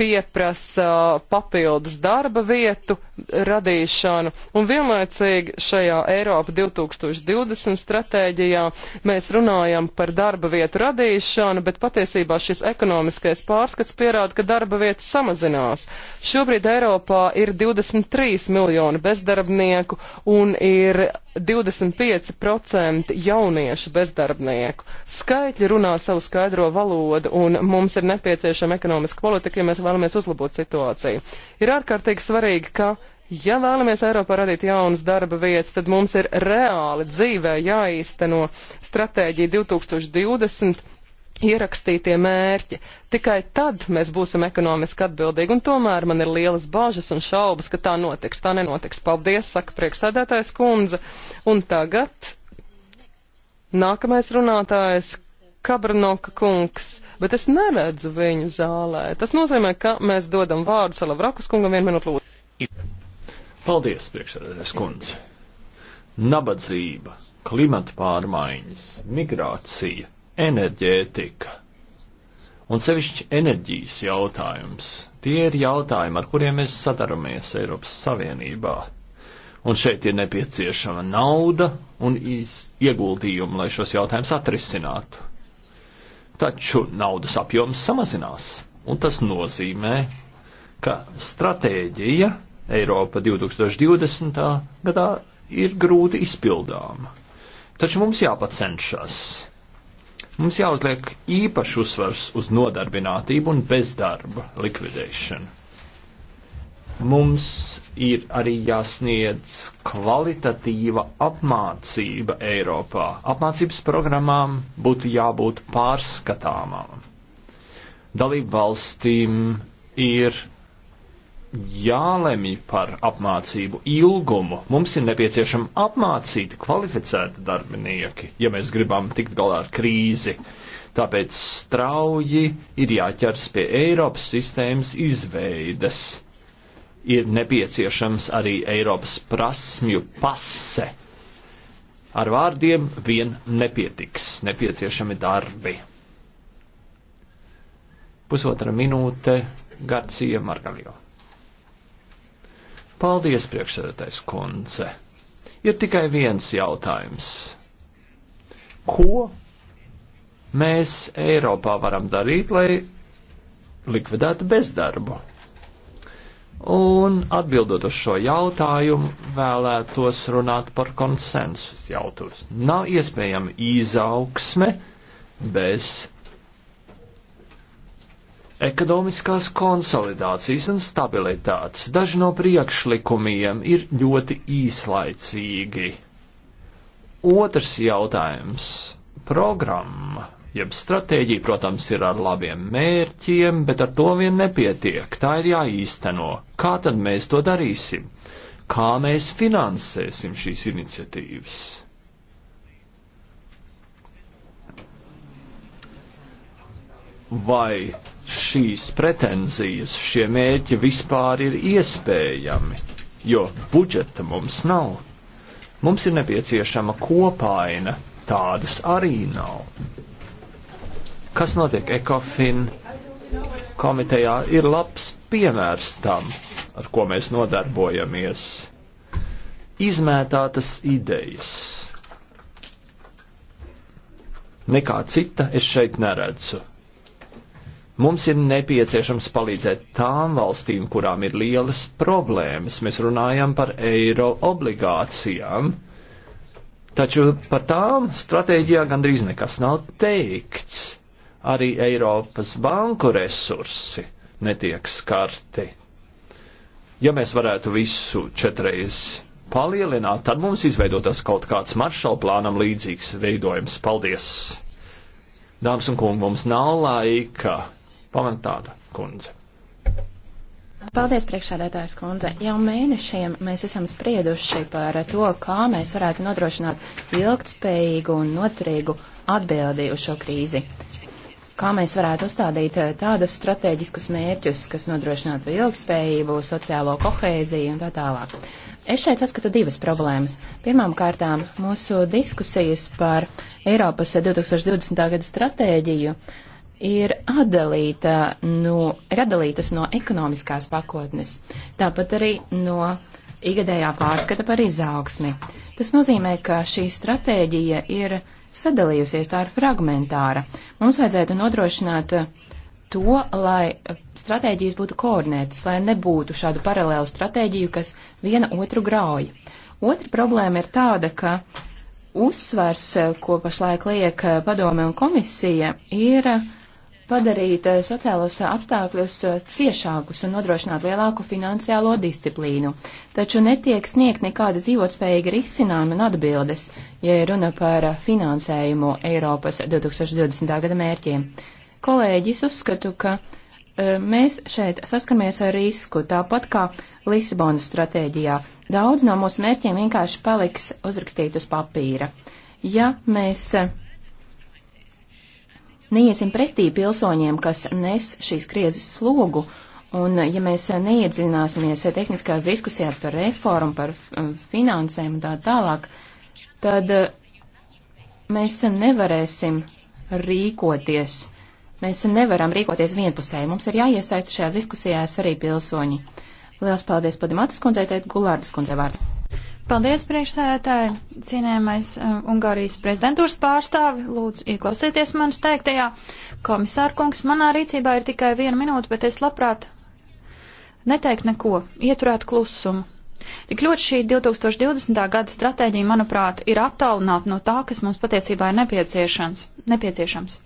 pieprasa papildus darba vietu radīšanu, un vienlaicīgi šajā Eiropa 2020 stratēģijā mēs runājam par darba vietu radīšanu, bet patiesībā šis ekonomiskais pārskats pierāda, ka darba vietas samazinās. Šobrīd Eiropā ir 23 miljoni bezdarbnieku un ir 25% jauniešu bezdarbnieku. Skaitļi runā savu skaidro valodu, un mums ir nepieciešama ekonomiska politika, ja mēs vēlamies uzlabot situāciju. Ir ārkārtīgi svarīgi, ka Ja vēlamies Eiropā radīt jaunas darba vietas, tad mums ir reāli dzīvē jāīsteno stratēģija 2020 ierakstītie mērķi. Tikai tad mēs būsim ekonomiski atbildīgi, un tomēr man ir lielas bažas un šaubas, ka tā notiks. Tā nenotiks. Paldies, saka prieksēdētājs kundze. Un tagad nākamais runātājs Kabranoka kungs, bet es neredzu viņu zālē. Tas nozīmē, ka mēs dodam vārdu Salavrakus kungam vienu minūtu lūdzu. Paldies, priekšsēdētājs kundze. Nabadzība, klimata pārmaiņas, migrācija, enerģētika un sevišķi enerģijas jautājums. Tie ir jautājumi, ar kuriem mēs sadaramies Eiropas Savienībā. Un šeit ir nepieciešama nauda un ieguldījumi, lai šos jautājumus atrisinātu. Taču naudas apjoms samazinās, un tas nozīmē, ka stratēģija Eiropa 2020. gadā ir grūti izpildāma. Taču mums jāpacenšas. Mums jāuzliek īpaši uzsvars uz nodarbinātību un bezdarba likvidēšanu. Mums ir arī jāsniedz kvalitatīva apmācība Eiropā. Apmācības programmām būtu jābūt pārskatāmām. Dalību valstīm ir jālemj par apmācību ilgumu. Mums ir nepieciešama apmācīti, kvalificēti darbinieki, ja mēs gribam tikt galā ar krīzi. Tāpēc strauji ir jāķers pie Eiropas sistēmas izveides. Ir nepieciešams arī Eiropas prasmju pase. Ar vārdiem vien nepietiks, nepieciešami darbi. Pusotra minūte Garcija Margalio. Paldies, priekšsēdētais kundze. Ir tikai viens jautājums. Ko mēs Eiropā varam darīt, lai likvidētu bezdarbu? Un atbildot uz šo jautājumu, vēlētos runāt par konsensus jautājumu. Nav iespējama izaugsme bez ekonomiskās konsolidācijas un stabilitātes. Daži no priekšlikumiem ir ļoti īslaicīgi. Otrs jautājums - programma. Jeb stratēģija, protams, ir ar labiem mērķiem, bet ar to vien nepietiek. Tā ir jāīsteno. Kā tad mēs to darīsim? Kā mēs finansēsim šīs iniciatīvas? Vai šīs pretenzijas, šie mēķi vispār ir iespējami, jo budžeta mums nav. Mums ir nepieciešama kopaina, tādas arī nav. Kas notiek ECOFIN komitejā ir labs piemērs tam, ar ko mēs nodarbojamies. Izmētātas idejas. Nekā cita es šeit neredzu Mums ir nepieciešams palīdzēt tām valstīm, kurām ir lielas problēmas. Mēs runājam par eiro obligācijām, taču par tām stratēģijā gandrīz nekas nav teikts. Arī Eiropas banku resursi netiek skarti. Ja mēs varētu visu četreiz palielināt, tad mums izveidotas kaut kāds maršala plānam līdzīgs veidojums. Paldies! Dāmas un kungi, mums nav laika Pamentāda kundze. Paldies, priekšādētājs kundze. Jau mēnešiem mēs esam sprieduši par to, kā mēs varētu nodrošināt ilgtspējīgu un noturīgu atbildi uz šo krīzi. Kā mēs varētu uzstādīt tādus strateģiskus mērķus, kas nodrošinātu ilgspējību, sociālo kohēziju un tā tālāk. Es šeit saskatu divas problēmas. Pirmām kārtām mūsu diskusijas par Eiropas 2020. gada stratēģiju uh, ir atdalīta no, ir atdalītas no ekonomiskās pakotnes, tāpat arī no ikgadējā pārskata par izaugsmi. Tas nozīmē, ka šī stratēģija ir sadalījusies, tā ir fragmentāra. Mums vajadzētu nodrošināt to, lai stratēģijas būtu koordinētas, lai nebūtu šādu paralēlu stratēģiju, kas viena otru grauj. Otra problēma ir tāda, ka uzsvars, ko pašlaik liek padome un komisija, ir uh, padarīt eh, sociālos eh, apstākļus eh, ciešākus un nodrošināt lielāku finansiālo disciplīnu, taču netiek sniegt nekāda dzīvotspējīga risinājuma un atbildes, ja runa par finansējumu Eiropas 2020. gada mērķiem. Kolēģis uzskatu, ka mēs šeit saskaramies ar risku, tāpat kā Lisabonas stratēģijā. Daudz no mūsu mērķiem vienkārši paliks uzrakstīt uz papīra. Ja mēs neiesim pretī pilsoņiem, kas nes šīs kriezes slogu, un ja mēs neiedzināsimies tehniskās diskusijās par reformu, par eh, finansēm un tā tālāk, tad eh, mēs nevarēsim rīkoties. Mēs nevaram rīkoties vienpusēji. Mums ir jāiesaista šajās diskusijās arī pilsoņi. Lielas paldies Padimatas kundzei, teikt Gulārdas kundzei vārds. Paldies, priekšsēdētāji, cienējamais um, Ungārijas prezidentūras pārstāvi. Lūdzu, ieklausieties manis teiktajā. Komisārkungs, manā rīcībā ir tikai viena minūte, bet es labprāt neteikt neko, ieturēt klusumu. Tik ļoti šī 2020. gada stratēģija, manuprāt, ir attālināta no tā, kas mums patiesībā ir nepieciešams. nepieciešams.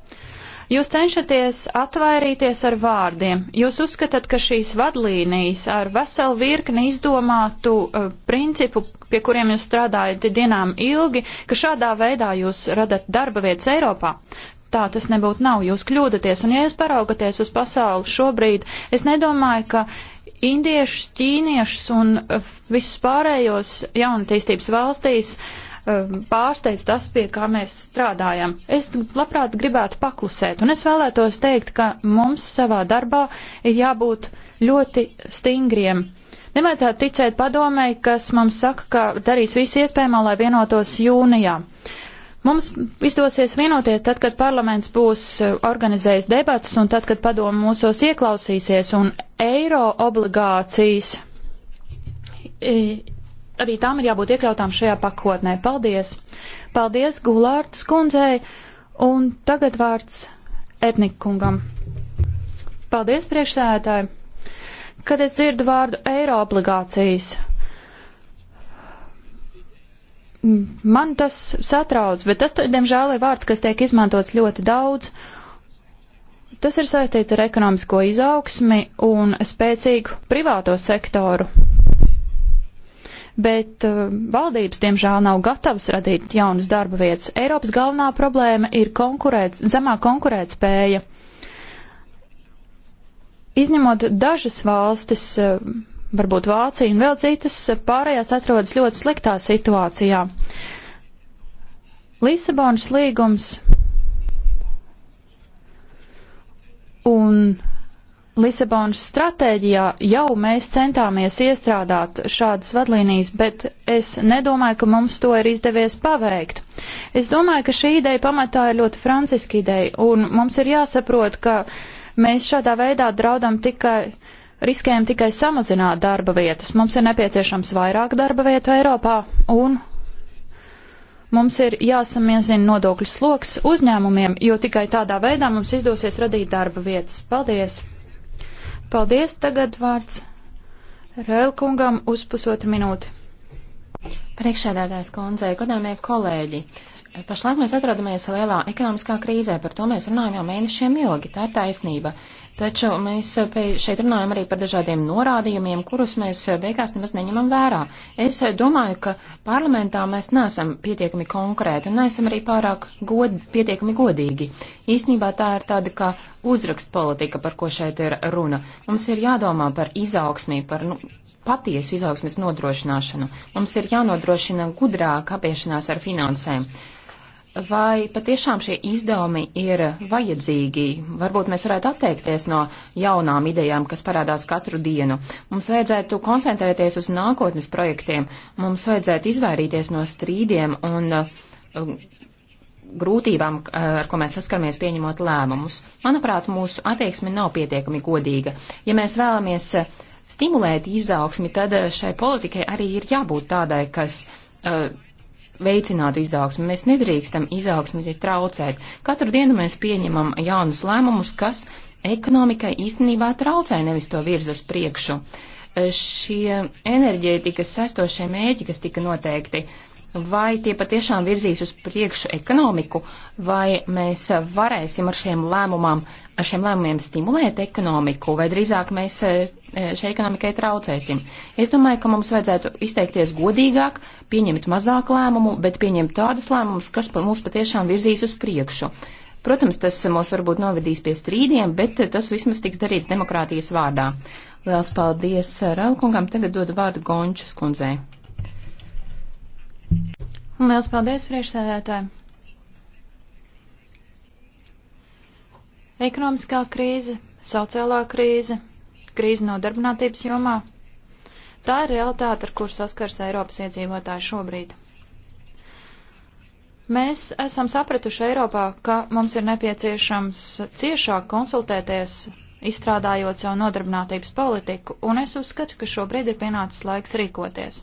Jūs cenšaties atvairīties ar vārdiem. Jūs uzskatāt, ka šīs vadlīnijas ar veselu virkni izdomātu uh, principu pie kuriem jūs strādājat dienām ilgi, ka šādā veidā jūs radat darba vietas Eiropā. Tā tas nebūtu nav, jūs kļūdaties, un ja jūs paraugaties uz pasauli šobrīd, es nedomāju, ka indiešus, ķīniešus un uh, visus pārējos jaunatīstības valstīs um, pārsteidz tas, pie kā mēs strādājam. Es labprāt gribētu paklusēt, un es vēlētos teikt, ka mums savā darbā ir jābūt ļoti stingriem Nevajadzētu ticēt padomēji, kas mums saka, ka darīs visu iespējamo, lai vienotos jūnijā. Mums izdosies vienoties tad, kad parlaments būs eh, organizējis debatas un tad, kad padomu mūsos ieklausīsies un eiro obligācijas. Arī tām ir jābūt iekļautām šajā pakotnē. Paldies! Paldies Gulārdas kundzei! Un tagad vārds Etnikungam. Paldies priekšsēdētāji! Kad es dzirdu vārdu eiro obligācijas, man tas satrauc, bet tas, diemžēl, ir vārds, kas tiek izmantots ļoti daudz. Tas ir saistīts ar ekonomisko izaugsmi un spēcīgu privāto sektoru. Bet uh, valdības, diemžēl, nav gatavas radīt jaunas darba vietas. Eiropas galvenā problēma ir konkurēt, zemā konkurētspēja. Uh, Izņemot dažas valstis, eh, varbūt Vācija un vēl citas, eh, pārējās atrodas ļoti sliktā situācijā. Lisabonas līgums un Lisabonas stratēģijā jau mēs centāmies iestrādāt šādas vadlīnijas, bet es nedomāju, ka mums to ir izdevies paveikt. Es domāju, ka šī ideja pamatā ir ļoti franciska ideja, un mums ir jāsaprot, ka uh, Mēs šādā veidā draudam tikai, riskējam tikai samazināt darba vietas. Mums ir nepieciešams vairāk darba vietu Eiropā un mums ir jāsamazina nodokļu sloks uzņēmumiem, jo tikai tādā veidā mums izdosies radīt darba vietas. Paldies! Paldies! Tagad vārds Rēlkungam uz pusotru minūti. Priekšādātājs kundze, godāmie kolēģi, Pašlaik mēs atrodamies lielā ekonomiskā krīzē, par to mēs runājam jau mēnešiem ilgi, tā ir taisnība. Taču mēs eh, šeit runājam arī par dažādiem norādījumiem, kurus mēs eh, beigās nemaz neņemam vērā. Es eh, domāju, ka parlamentā mēs neesam pietiekami konkrēti un neesam arī pārāk god, pietiekami godīgi. Īsnībā tā ir tāda kā uzrakstpolitika, par ko šeit ir runa. Mums ir jādomā par izaugsmī, par nu, patiesu izaugsmes nodrošināšanu. Mums ir jānodrošina gudrāka apiešanās ar finansēm vai patiešām šie izdevumi ir vajadzīgi. Varbūt mēs varētu atteikties no jaunām idejām, kas parādās katru dienu. Mums vajadzētu koncentrēties uz nākotnes projektiem, mums vajadzētu izvairīties no strīdiem un uh, grūtībām, uh, ar ko mēs saskaramies pieņemot lēmumus. Manuprāt, mūsu attieksme nav pietiekami godīga. Ja mēs vēlamies uh, stimulēt izaugsmi, tad uh, šai politikai arī ir jābūt tādai, kas uh, veicinātu izaugsmu. Mēs nedrīkstam izaugsmu traucēt. Katru dienu mēs pieņemam jaunus lēmumus, kas ekonomikai īstenībā traucē, nevis to virz uz priekšu. Šie enerģētikas sestošie mēģi, kas tika noteikti, uh, vai tie patiešām virzīs uz priekšu ekonomiku, vai mēs varēsim ar šiem, lēmumam, ar šiem lēmumiem stimulēt ekonomiku, vai drīzāk mēs e, e, šai ekonomikai traucēsim. Es domāju, ka mums vajadzētu izteikties godīgāk, pieņemt mazāk lēmumu, bet pieņemt tādas lēmumus, kas mūs patiešām virzīs uz priekšu. Protams, tas mūs varbūt novedīs pie strīdiem, bet tas vismaz tiks darīts demokrātijas vārdā. Liels paldies Rēlkungam, tagad dodu vārdu Gončas kundzei. Liels paldies, priekšsēdētāji! Ekonomiskā krīze, sociālā krīze, krīze nodarbinātības jomā - tā ir realitāte, ar kur saskars Eiropas iedzīvotāji šobrīd. Mēs esam sapratuši Eiropā, ka mums ir nepieciešams ciešāk konsultēties, izstrādājot savu nodarbinātības politiku, un es uzskatu, ka šobrīd ir pienācis laiks rīkoties.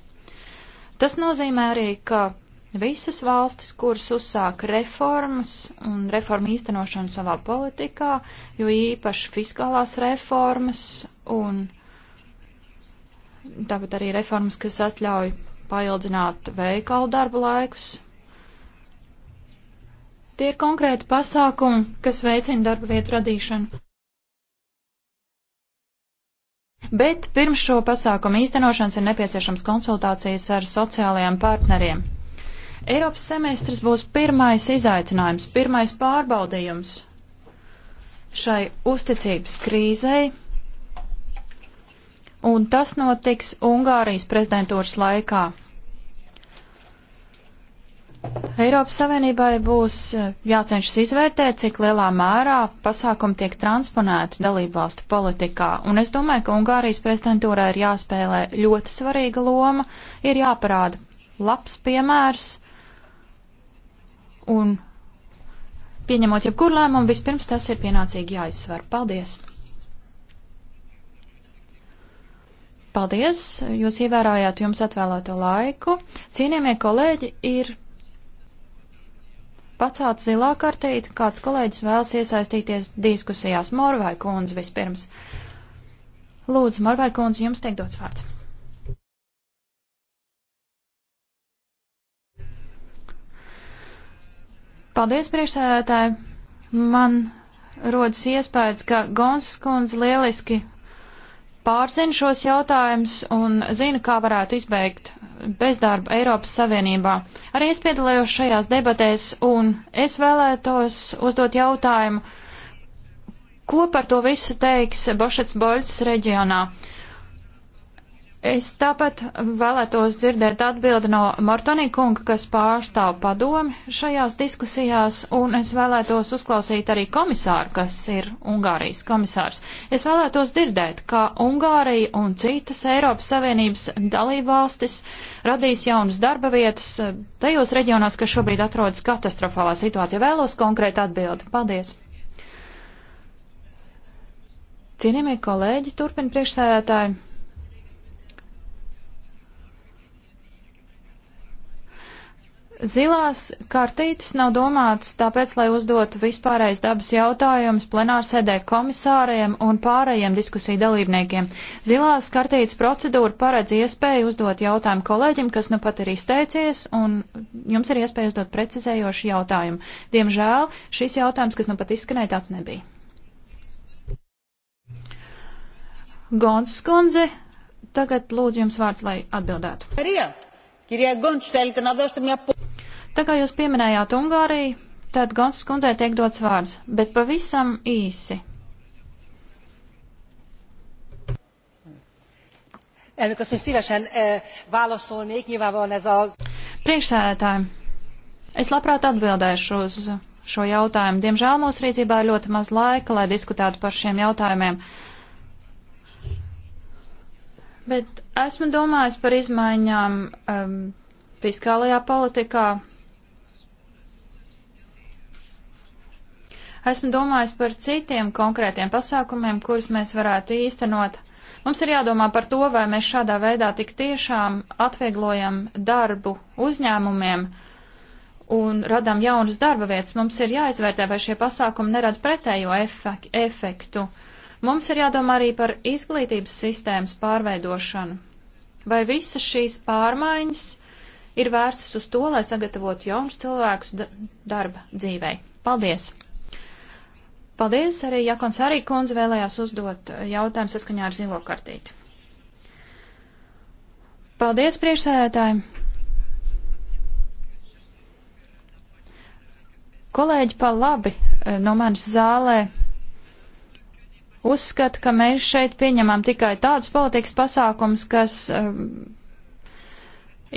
Tas nozīmē arī, ka Visas valstis, kuras uzsāk reformas un reformu īstenošanu savā politikā, jo īpaši fiskālās reformas un tāpat arī reformas, kas atļauj paildzināt veikalu darba laikus. Tie ir konkrēti pasākumi, kas veicina darba vietu radīšanu. Bet pirms šo pasākumu īstenošanas ir nepieciešams konsultācijas ar sociālajiem partneriem. Eiropas semestris būs pirmais izaicinājums, pirmais pārbaudījums šai uzticības krīzei, un tas notiks Ungārijas prezidentūras laikā. Eiropas Savienībai būs eh, jācenšas izvērtēt, cik lielā mērā pasākumi tiek transponēti dalību valstu politikā, un es domāju, ka Ungārijas prezidentūrā ir jāspēlē ļoti svarīga loma, ir jāparāda labs piemērs, Un pieņemot jebkuru lēmumu, vispirms tas ir pienācīgi jāizsver. Paldies! Paldies, jūs ievērājāt jums atvēlēto laiku. Cienījamie kolēģi, ir pacēlta zilā kartīte, kāds kolēģis vēlas iesaistīties diskusijās. Morvai kundze vispirms. Lūdzu, Morvai kundze, jums tiek dots vārds. Paldies, priekšsēdētāji. Man rodas iespējas, ka Gonsas kundze lieliski pārzina šos jautājumus un zina, kā varētu izbeigt bezdarbu Eiropas Savienībā. Arī es piedalījos šajās debatēs un es vēlētos uzdot jautājumu, ko par to visu teiks Bošets Boļs reģionā. Es tāpat vēlētos dzirdēt atbildi no Martonī kunga, kas pārstāv padomi šajās diskusijās, un es vēlētos uzklausīt arī komisāru, kas ir Ungārijas komisārs. Es vēlētos dzirdēt, kā Ungārija un citas Eiropas Savienības dalībvalstis radīs jaunas darba vietas tajos reģionos, kas šobrīd atrodas katastrofālā situācijā. Vēlos konkrēti atbildi. Paldies! Cienījamie kolēģi, turpina priekšstādātāji. Zilās kartītes nav domātas tāpēc, lai uzdotu vispārējais dabas jautājumus plenārsēdē komisāriem un pārējiem diskusiju dalībniekiem. Zilās kartītes procedūra paredz iespēju uzdot jautājumu kolēģim, kas nu pat ir izteicies, un jums ir iespēja uzdot precizējošu jautājumu. Diemžēl šis jautājums, kas nu pat izskanēja, tāds nebija. Gons skundze, tagad lūdzu jums vārds, lai atbildētu. Arī jā. Κυρία Γκόντς, θέλετε να δώσετε μια... Tā kā jūs pieminējāt Ungāriju, tad Gonsas kundzei tiek dots vārds, bet pavisam īsi. Elnök asszony, szívesen e, válaszolnék, nyilvánvalóan ez a... Priekšsēdētāji, es labprāt atbildēšu uz šo jautājumu. Diemžēl mūsu rīcībā ir ļoti maz laika, lai diskutētu par šiem jautājumiem. Uh, Bet esmu domājis par izmaiņām um, fiskālajā politikā. Esmu domājis par citiem konkrētiem pasākumiem, kurus mēs varētu īstenot. Mums ir jādomā par to, vai mēs šādā veidā tik tiešām atvieglojam darbu uzņēmumiem un radām jaunas darba vietas. Mums ir jāizvērtē, vai šie pasākumi nerada pretējo efektu. Uh, Mums ir jādomā arī par izglītības sistēmas pārveidošanu. Vai visas šīs pārmaiņas ir vērstas uz to, lai sagatavotu jaunus cilvēkus darba dzīvei? Paldies! Paldies arī Jakons arī kundze vēlējās uzdot jautājumu saskaņā ar zilo kartīti. Paldies priekšsēdētājiem! Kolēģi pa labi eh, no manas zālē uzskata, ka mēs šeit pieņemam tikai tādus politikas pasākums, kas um,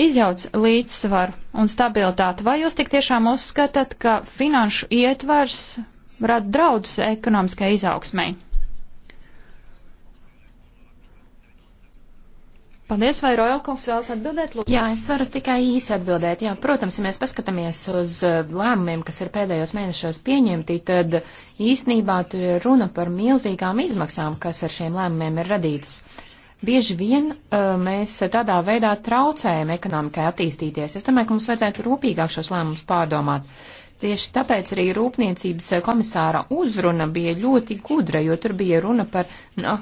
izjauc līdzsvaru un stabilitāti. Vai jūs tik tiešām uzskatāt, ka finanšu ietvers rada draudus ekonomiskai izaugsmai? Paldies, vai Rojalkungs vēlas atbildēt? Lūdzu? Jā, es varu tikai īsi atbildēt. Jā, protams, ja mēs paskatāmies uz eh, lēmumiem, kas ir pēdējos mēnešos pieņemti, tad īsnībā tur ir runa par milzīgām izmaksām, kas ar šiem lēmumiem ir radītas. Bieži vien uh, mēs tādā veidā traucējam ekonomikai attīstīties. Es domāju, ka mums vajadzētu rūpīgāk šos lēmumus pārdomāt. Tieši tāpēc arī rūpniecības komisāra uzruna bija ļoti gudra, jo tur bija runa par nā,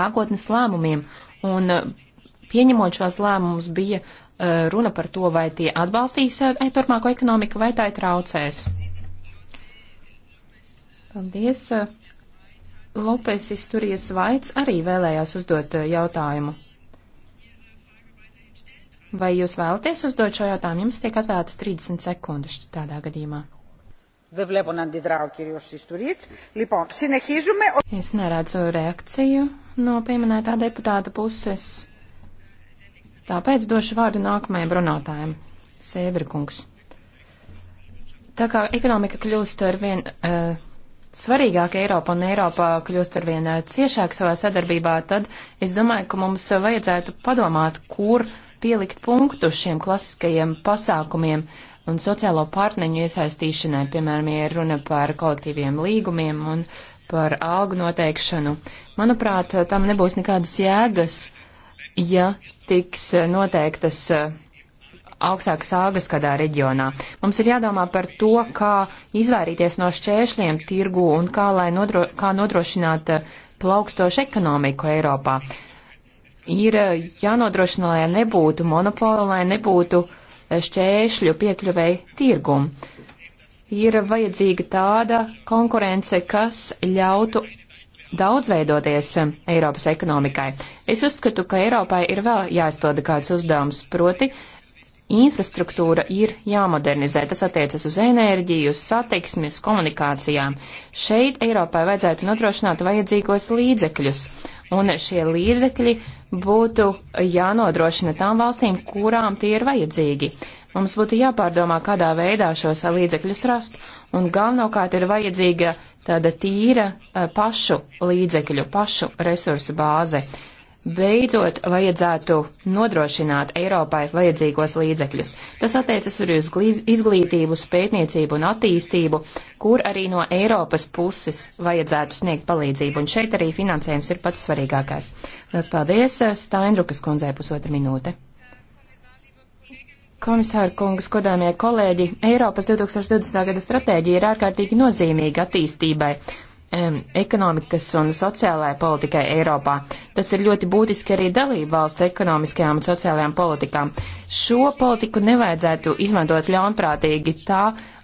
nākotnes lēmumiem. Un eh, pieņemot šos lēmumus bija eh, runa par to, vai tie atbalstīs eh, e, turpmāko ekonomiku vai tā ir traucēs. Paldies. Lopes izturies vaids arī vēlējās uzdot jautājumu. Vai jūs vēlaties uzdot šo jautājumu? Jums tiek atvēlētas 30 sekundes tādā gadījumā. Es neredzu reakciju no pieminētā deputāta puses. Tāpēc došu vārdu nākamajam runātājam, Sēverkungs. Tā kā ekonomika kļūst ar vien uh, svarīgāk Eiropa un Eiropa kļūst ar vien uh, ciešāk savā sadarbībā, tad es domāju, ka mums vajadzētu padomāt, kur pielikt punktu šiem klasiskajiem pasākumiem un sociālo partneņu iesaistīšanai, piemēram, ja runa par kolektīviem līgumiem un par algu noteikšanu. Uh, Manuprāt, tam nebūs nekādas jēgas, ja tiks noteiktas eh, augstākas algas kādā reģionā. Mums ir jādomā par to, kā izvairīties no šķēršļiem tirgu un kā, nodro, kā nodrošināt eh, plaukstošu ekonomiku Eiropā. Ir eh, jānodrošina, lai nebūtu monopola, lai nebūtu šķēršļu piekļuvēji tirgumu. Ir vajadzīga tāda konkurence, kas ļautu daudzveidoties um, Eiropas ekonomikai. Es uzskatu, ka Eiropai ir vēl jāizpilda kāds uzdevums, proti infrastruktūra ir jāmodernizē. Tas attiecas uz enerģiju, uz satiksmi, uz komunikācijām. Šeit Eiropai vajadzētu nodrošināt vajadzīgos līdzekļus, un šie līdzekļi būtu jānodrošina tām valstīm, kurām tie ir vajadzīgi. Mums būtu jāpārdomā, kādā veidā šos līdzekļus rast, un galvenokārt ir vajadzīga tāda tīra eh, pašu līdzekļu, pašu resursu bāze. Beidzot, vajadzētu nodrošināt Eiropai vajadzīgos līdzekļus. Tas attiecas arī uz izglītību, pētniecību un attīstību, kur arī no Eiropas puses vajadzētu sniegt palīdzību, un šeit arī finansējums ir pats svarīgākais. Lielas paldies, eh, Stainrukas kundzei pusotra minūte. Komisāra kungas, godāmie kolēģi, Eiropas 2020. gada stratēģija ir ārkārtīgi nozīmīga attīstībai ekonomikas un sociālajai politikai Eiropā. Tas ir ļoti būtiski arī dalību valstu ekonomiskajām un sociālajām politikām. Šo politiku nevajadzētu izmantot ļaunprātīgi tā,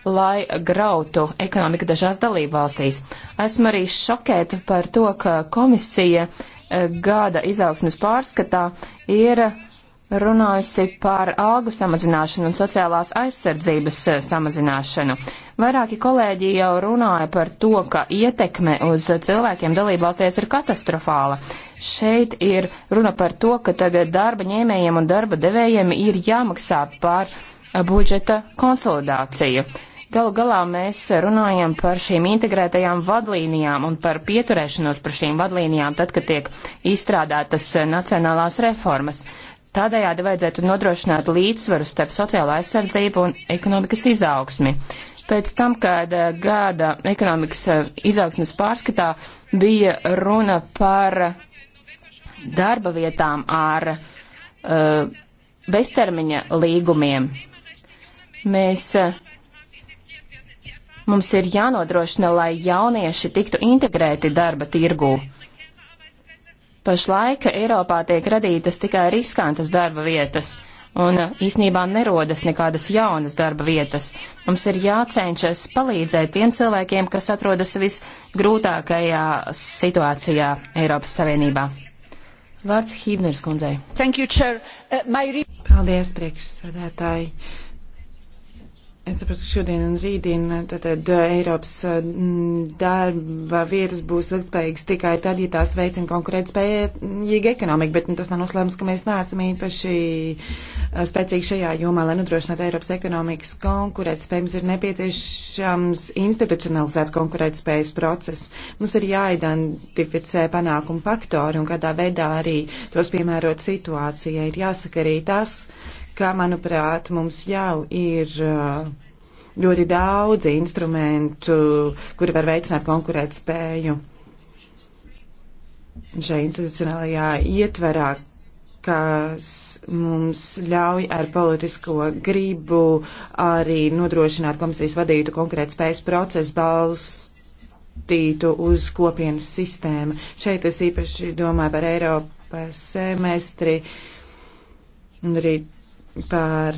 lai grautu ekonomiku dažās dalību valstīs. Esmu arī šokēta par to, ka komisija eh, gada izaugsmas pārskatā ir runājusi par algu samazināšanu un sociālās aizsardzības eh, samazināšanu. Vairāki kolēģi jau runāja par to, ka ietekme uz cilvēkiem dalībvalstīs ir katastrofāla. Šeit ir runa par to, ka tagad darba ņēmējiem un darba devējiem ir jāmaksā par eh, budžeta konsolidāciju. Galu galā mēs runājam par šīm integrētajām vadlīnijām un par pieturēšanos par šīm vadlīnijām, tad, kad tiek izstrādātas eh, nacionālās reformas. Tādējādi vajadzētu nodrošināt līdzsvaru starp sociālo aizsardzību un ekonomikas izaugsmi. Pēc tam, kad eh, gada ekonomikas eh, izaugsmes pārskatā bija runa par darba vietām ar uh, beztermiņa līgumiem, mēs, uh, mums ir jānodrošina, lai jaunieši tiktu integrēti darba tirgū. Uh, Pašlaik Eiropā tiek radītas tikai riskantas darba vietas, un īsnībā nerodas nekādas jaunas darba vietas. Mums ir jācenšas palīdzēt tiem cilvēkiem, kas atrodas visgrūtākajā situācijā Eiropas Savienībā. Vārds Hībners kundzei. Thank you, Chair. Uh, my... Paldies, priekšsēdētāji. Uh, Es saprotu, ka šodien un rītdien tātad eh, Eiropas mm, darba vietas būs ilgspējīgas tikai tad, ja tās veicina konkurētspējīgu ekonomiku, bet nu, tas nav noslēmums, ka mēs neesam īpaši eh, spēcīgi šajā jomā, lai nodrošinātu Eiropas ekonomikas konkurētspējums, ir nepieciešams institucionalizēts konkurētspējas process. Mums ir jāidentificē panākumu faktori un kādā veidā arī tos piemērot situācijai. Ir jāsaka arī tas, uh, ka, manuprāt, mums jau ir uh, ļoti daudz instrumentu, kuri var veicināt konkurēt spēju šajā institucionālajā ietverā, kas mums ļauj ar politisko gribu arī nodrošināt komisijas vadītu konkrētu spējas procesu balstītu uz kopienas sistēmu. Šeit es īpaši domāju par Eiropas semestri un arī par,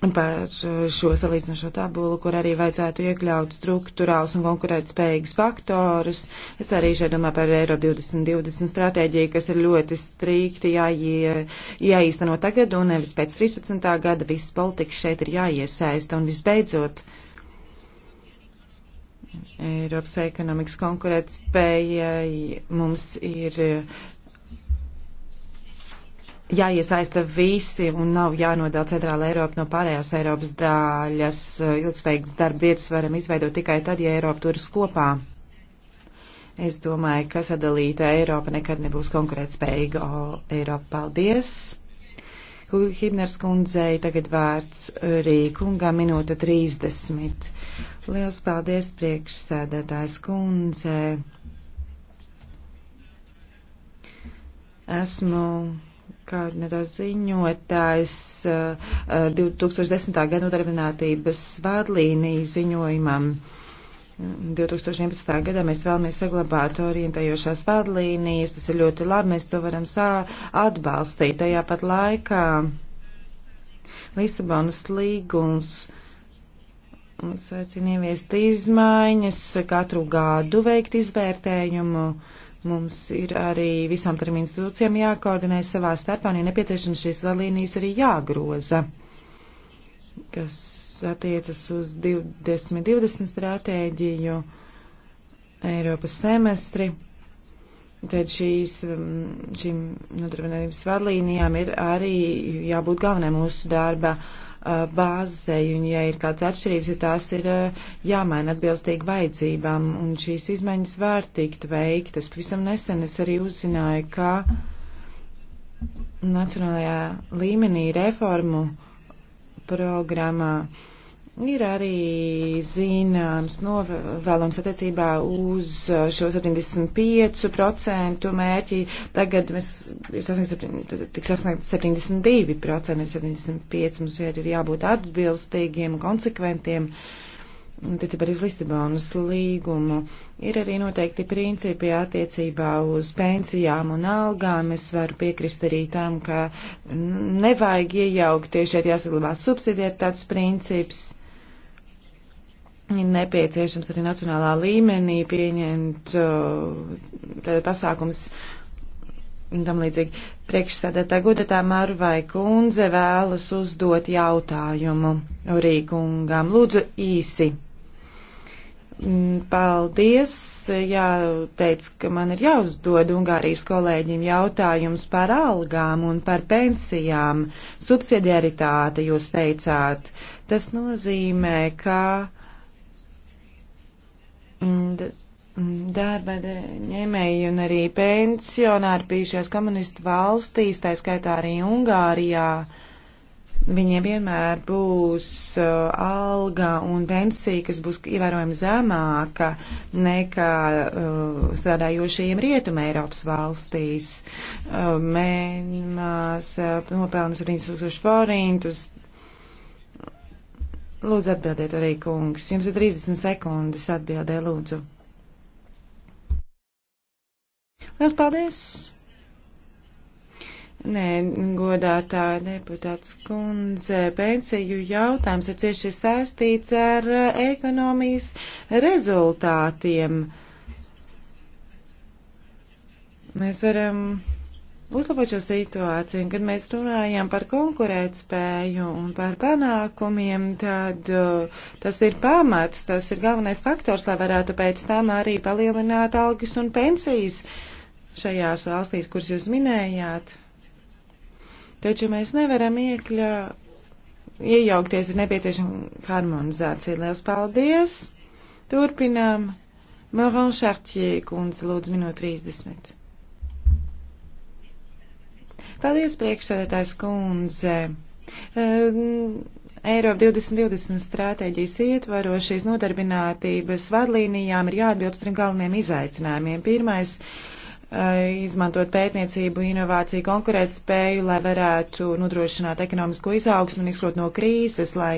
um, par uh, šo salīdzinošo tabulu, kur arī vajadzētu iekļaut struktūrāls un konkurētspējīgs faktorus. Es arī šeit domāju par Eiro 2020 stratēģiju, kas ir ļoti strikti jāie, jāīsteno tagad un nevis pēc 13. gada. Viss politikas šeit ir jāiesaista un visbeidzot. Eiropas ekonomikas konkurētspējai mums ir jāiesaista visi un nav jānodala centrāla Eiropa no pārējās Eiropas daļas. Ilgspējīgas darba vietas varam izveidot tikai tad, ja Eiropa turas kopā. Es domāju, ka sadalīta Eiropa nekad nebūs konkurētspējīga. Eiropa, paldies! Hibners kundzei tagad vārds Rīkungā minūte 30. Liels paldies priekšsēdētājs kundzei! Esmu Kārnedas ziņotājs 2010. Eh, eh, gada nodarbinātības vārdlīniju ziņojumam. 2011. gadā mēs vēlamies saglabāt orientējošās vārdlīnijas, tas ir ļoti labi, mēs to varam atbalstīt. Tajā pat laikā Lisabonas līgums mums aicina ieviest izmaiņas, katru gadu veikt izvērtējumu. Uh, Mums ir arī visām trim institūcijām jākoordinē savā starpā, un, ja nepieciešams, šīs vadlīnijas arī jāgroza, kas attiecas uz 2020 stratēģiju, Eiropas semestri. Tad šīs, mm, šīm nodarbinātības vadlīnijām ir arī jābūt galvenai mūsu darba uh, bāzei, un ja ir kāds atšķirības, ja tās ir eh, jāmaina atbilstīgi vajadzībām, un šīs izmaiņas var tikt veiktas. Pavisam nesen es arī uzzināju, ka nacionālajā līmenī reformu programmā uh, Ir arī zināms novēlams attiecībā uz šo 75% mērķi. Tagad mēs tik sasniegt 72%, nevis 75%. Mums ir jābūt atbilstīgiem, konsekventiem. Attiecībā arī uz Lisabonas līgumu ir arī noteikti principi attiecībā uz pensijām un algām. Es varu piekrist arī tam, ka nevajag iejaukties šeit jāsaglabās subsidiertāts princips Ir nepieciešams arī nacionālā līmenī pieņemt uh, pasākums un tam līdzīgi. Priekšsēdētāja godētā Marvai kundze vēlas uzdot jautājumu Rīkungam. Lūdzu īsi. Mm, paldies. Jā, teic, ka man ir jāuzdod Ungārijas kolēģim jautājums par algām un par pensijām. Subsidiaritāte, jūs teicāt. Tas nozīmē, ka Mm, mm, darba ņēmēji un arī pensionāri bijušajās komunistu valstīs, tā skaitā arī Ungārijā, viņiem vienmēr būs uh, alga un pensija, kas būs ievērojami zemāka nekā uh, strādājošajiem rietuma Eiropas valstīs. Uh, Mēnās uh, nopelnas 7000 forintus, Lūdzu, atbildiet arī, kungs. Jums ir 30 sekundes atbildē, lūdzu. Lielas paldies! Nē, godātā deputāts kundze, pensiju jautājums ir cieši saistīts ar eh, ekonomijas rezultātiem. Mēs varam uzlabot šo situāciju. Kad mēs runājam par konkurētspēju un par panākumiem, tad uh, tas ir pamats, tas ir galvenais faktors, lai varētu pēc tam arī palielināt algas un pensijas šajās valstīs, kuras jūs minējāt. Taču mēs nevaram iekļa, iejaukties, ir nepieciešama harmonizācija. Liels paldies! Turpinām. Moran Chartier, kundze, lūdzu, minūte 30. Paldies, priekšsēdētājs kundze. Um, Eiropa 2020 stratēģijas ietvaros šīs nodarbinātības vadlīnijām ir jāatbilst trim galveniem izaicinājumiem. Pirmais eh, - izmantot pētniecību, inovāciju, konkurētspēju, lai varētu nodrošināt ekonomisko izaugsmu un izkļūt no krīzes, lai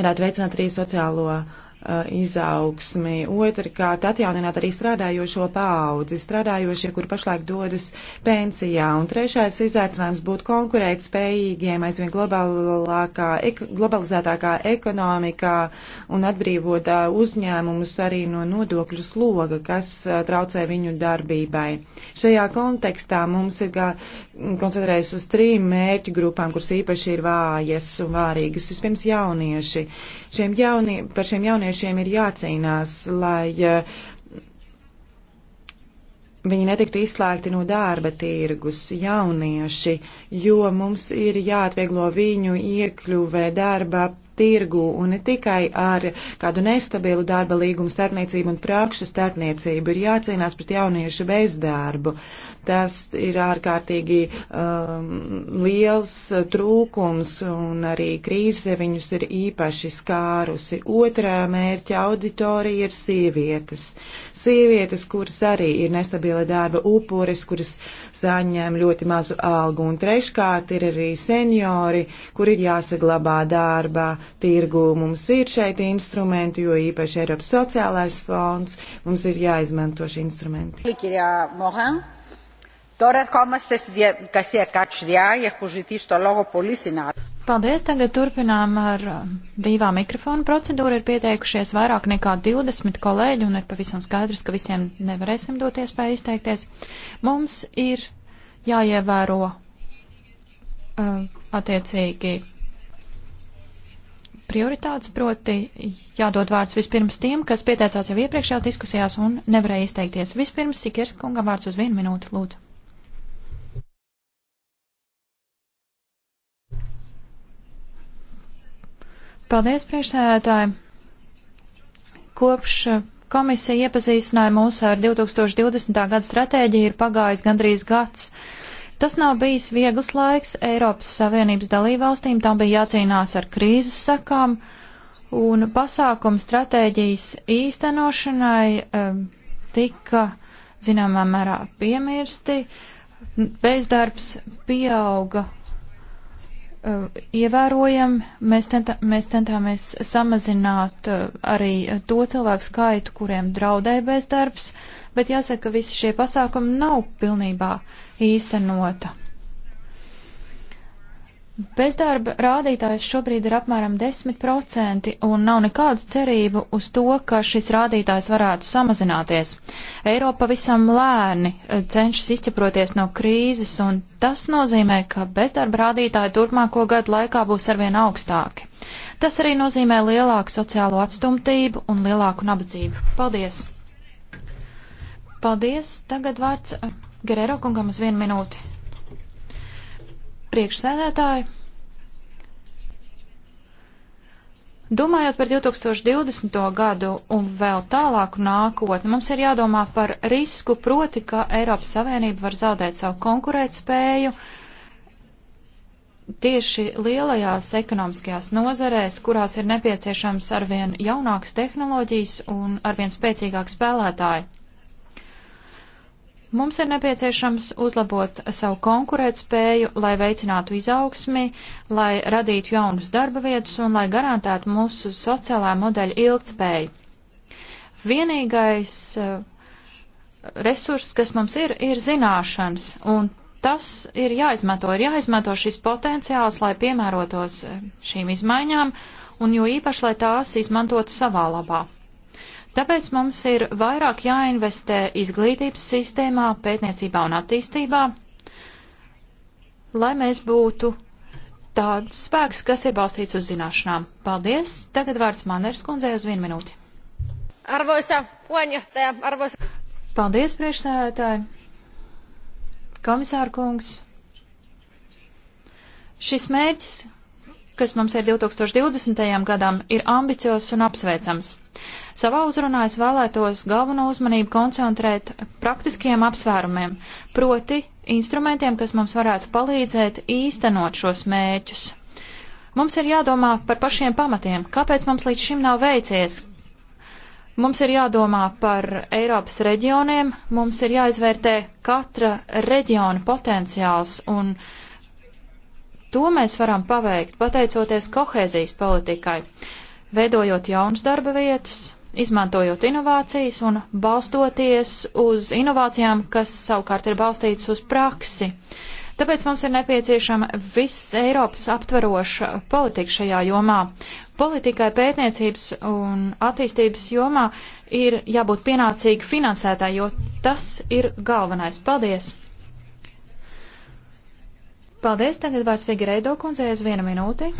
varētu veicināt arī sociālo Uh, izaugsmi. Otrakārt, atjaunināt arī strādājošo paudzi, strādājošie, kur pašlaik dodas pensijā. Un trešais izaicinājums būtu konkurēt spējīgiem aizvien globālākā, ek, globalizētākā ekonomikā un atbrīvot uh, uzņēmumus arī no nodokļu sloga, kas uh, traucē viņu darbībai. Šajā kontekstā mums ir koncentrējas uz trim mērķu grupām, kuras īpaši ir vājas un vārīgas. Vispirms jaunieši. Šiem jaunie, par šiem jauniešiem jauniešiem ir jācīnās, lai eh, viņi netiktu izslēgti no darba tirgus, jaunieši, jo mums ir jāatvieglo viņu iekļuvē darba tirgu un ne tikai ar kādu nestabilu darba līgumu starpniecību un prākšu starpniecību ir jācīnās pret jauniešu bezdarbu. Tas ir ārkārtīgi um, liels trūkums un arī krīze viņus ir īpaši skārusi. Otrā mērķa auditorija ir sievietes. Uh, sievietes, kuras arī ir nestabila darba upuris, kuras saņem ļoti mazu algu. Un treškārt ir arī seniori, kur ir jāsaglabā darbā tirgu. Mums ir šeit instrumenti, jo īpaši Eiropas sociālais fonds mums ir jāizmanto šie instrumenti. Likirjā, Mohan. Τώρα ερχόμαστε στη διαδικασία Catch the Eye. Έχουν ζητήσει το λόγο πολλοί συνάδελφοι. Paldies, tagad turpinām ar uh, brīvā mikrofona procedūru. Ir pieteikušies vairāk nekā 20 kolēģi un ir pavisam skaidrs, ka visiem nevarēsim dot iespēju izteikties. Mums ir jāievēro uh, attiecīgi prioritātes, proti jādod vārds vispirms tiem, kas pieteicās jau iepriekšējās diskusijās un nevarēja izteikties. Vispirms Sikirskungam vārds uz vienu minūti, lūdzu. Paldies, priekšsēdētāji! Kopš eh, komisija iepazīstināja mūs ar 2020. gada stratēģiju, ir pagājis gandrīz gads. Tas nav bijis viegls laiks Eiropas Savienības dalībvalstīm, tam bija jācīnās ar krīzes sakām, un pasākumu stratēģijas īstenošanai um, tika, zināmā mērā, piemirsti. Bezdarbs pieauga Uh, ievērojami. Mēs, centā, mēs centāmies samazināt uh, arī to cilvēku skaitu, kuriem draudēja bezdarbs, bet jāsaka, ka visi šie pasākumi nav pilnībā īstenota. Bezdarba rādītājs šobrīd ir apmēram 10% un nav nekādu cerību uz to, ka šis rādītājs varētu samazināties. Eiropa visam lēni e, cenšas izķeproties no krīzes un tas nozīmē, ka bezdarba rādītāji turpmāko gadu laikā būs arvien augstāki. Tas arī nozīmē lielāku sociālo atstumtību un lielāku nabadzību. Paldies! Paldies! Tagad vārds e, Gerero kungam uz vienu minūti priekšsēdētāji. Domājot par 2020. gadu un vēl tālāku nākotni, mums ir jādomā par risku, proti, ka Eiropas Savienība var zaudēt savu konkurētspēju tieši lielajās ekonomiskajās nozarēs, kurās ir nepieciešams arvien jaunākas tehnoloģijas un arvien spēcīgāk spēlētāji. Mums ir nepieciešams uzlabot savu konkurētspēju, lai veicinātu izaugsmi, lai radītu jaunus darba vietas un lai garantētu mūsu sociālā modeļa ilgtspēju. Vienīgais eh, resurss, kas mums ir, ir zināšanas, un tas ir jāizmanto. Ir jāizmanto šis potenciāls, lai piemērotos eh, šīm izmaiņām, un jo īpaši, lai tās izmantotu savā labā. Tāpēc mums ir vairāk jāinvestē izglītības sistēmā, pētniecībā un attīstībā, lai mēs būtu tāds spēks, kas ir balstīts uz zināšanām. Paldies! Tagad vārds Manners kundzei uz vienu minūti. Arvoisa puheenjohtaja, arvoisa. Paldies, priekšsēdētāji. Komisāra kungs. Šis mērķis, kas mums ir 2020. gadam, ir ambiciozs un apsveicams. Savā uzrunā es vēlētos galveno uzmanību koncentrēt praktiskiem apsvērumiem, proti instrumentiem, kas mums varētu palīdzēt īstenot šos mēķus. Mums ir jādomā par pašiem pamatiem, kāpēc mums līdz šim nav veicies, Mums ir jādomā par Eiropas reģioniem, mums ir jāizvērtē katra reģiona potenciāls, un to mēs varam paveikt pateicoties kohēzijas politikai veidojot jaunas darba vietas, izmantojot inovācijas un balstoties uz inovācijām, kas savukārt ir balstītas uz praksi. Tāpēc mums ir nepieciešama viss Eiropas aptveroša politika šajā jomā. Politikai pētniecības un attīstības jomā ir jābūt pienācīgi finansētā, jo tas ir galvenais. Paldies! Paldies, tagad vairs Figureido kundzei uz vienu minūti.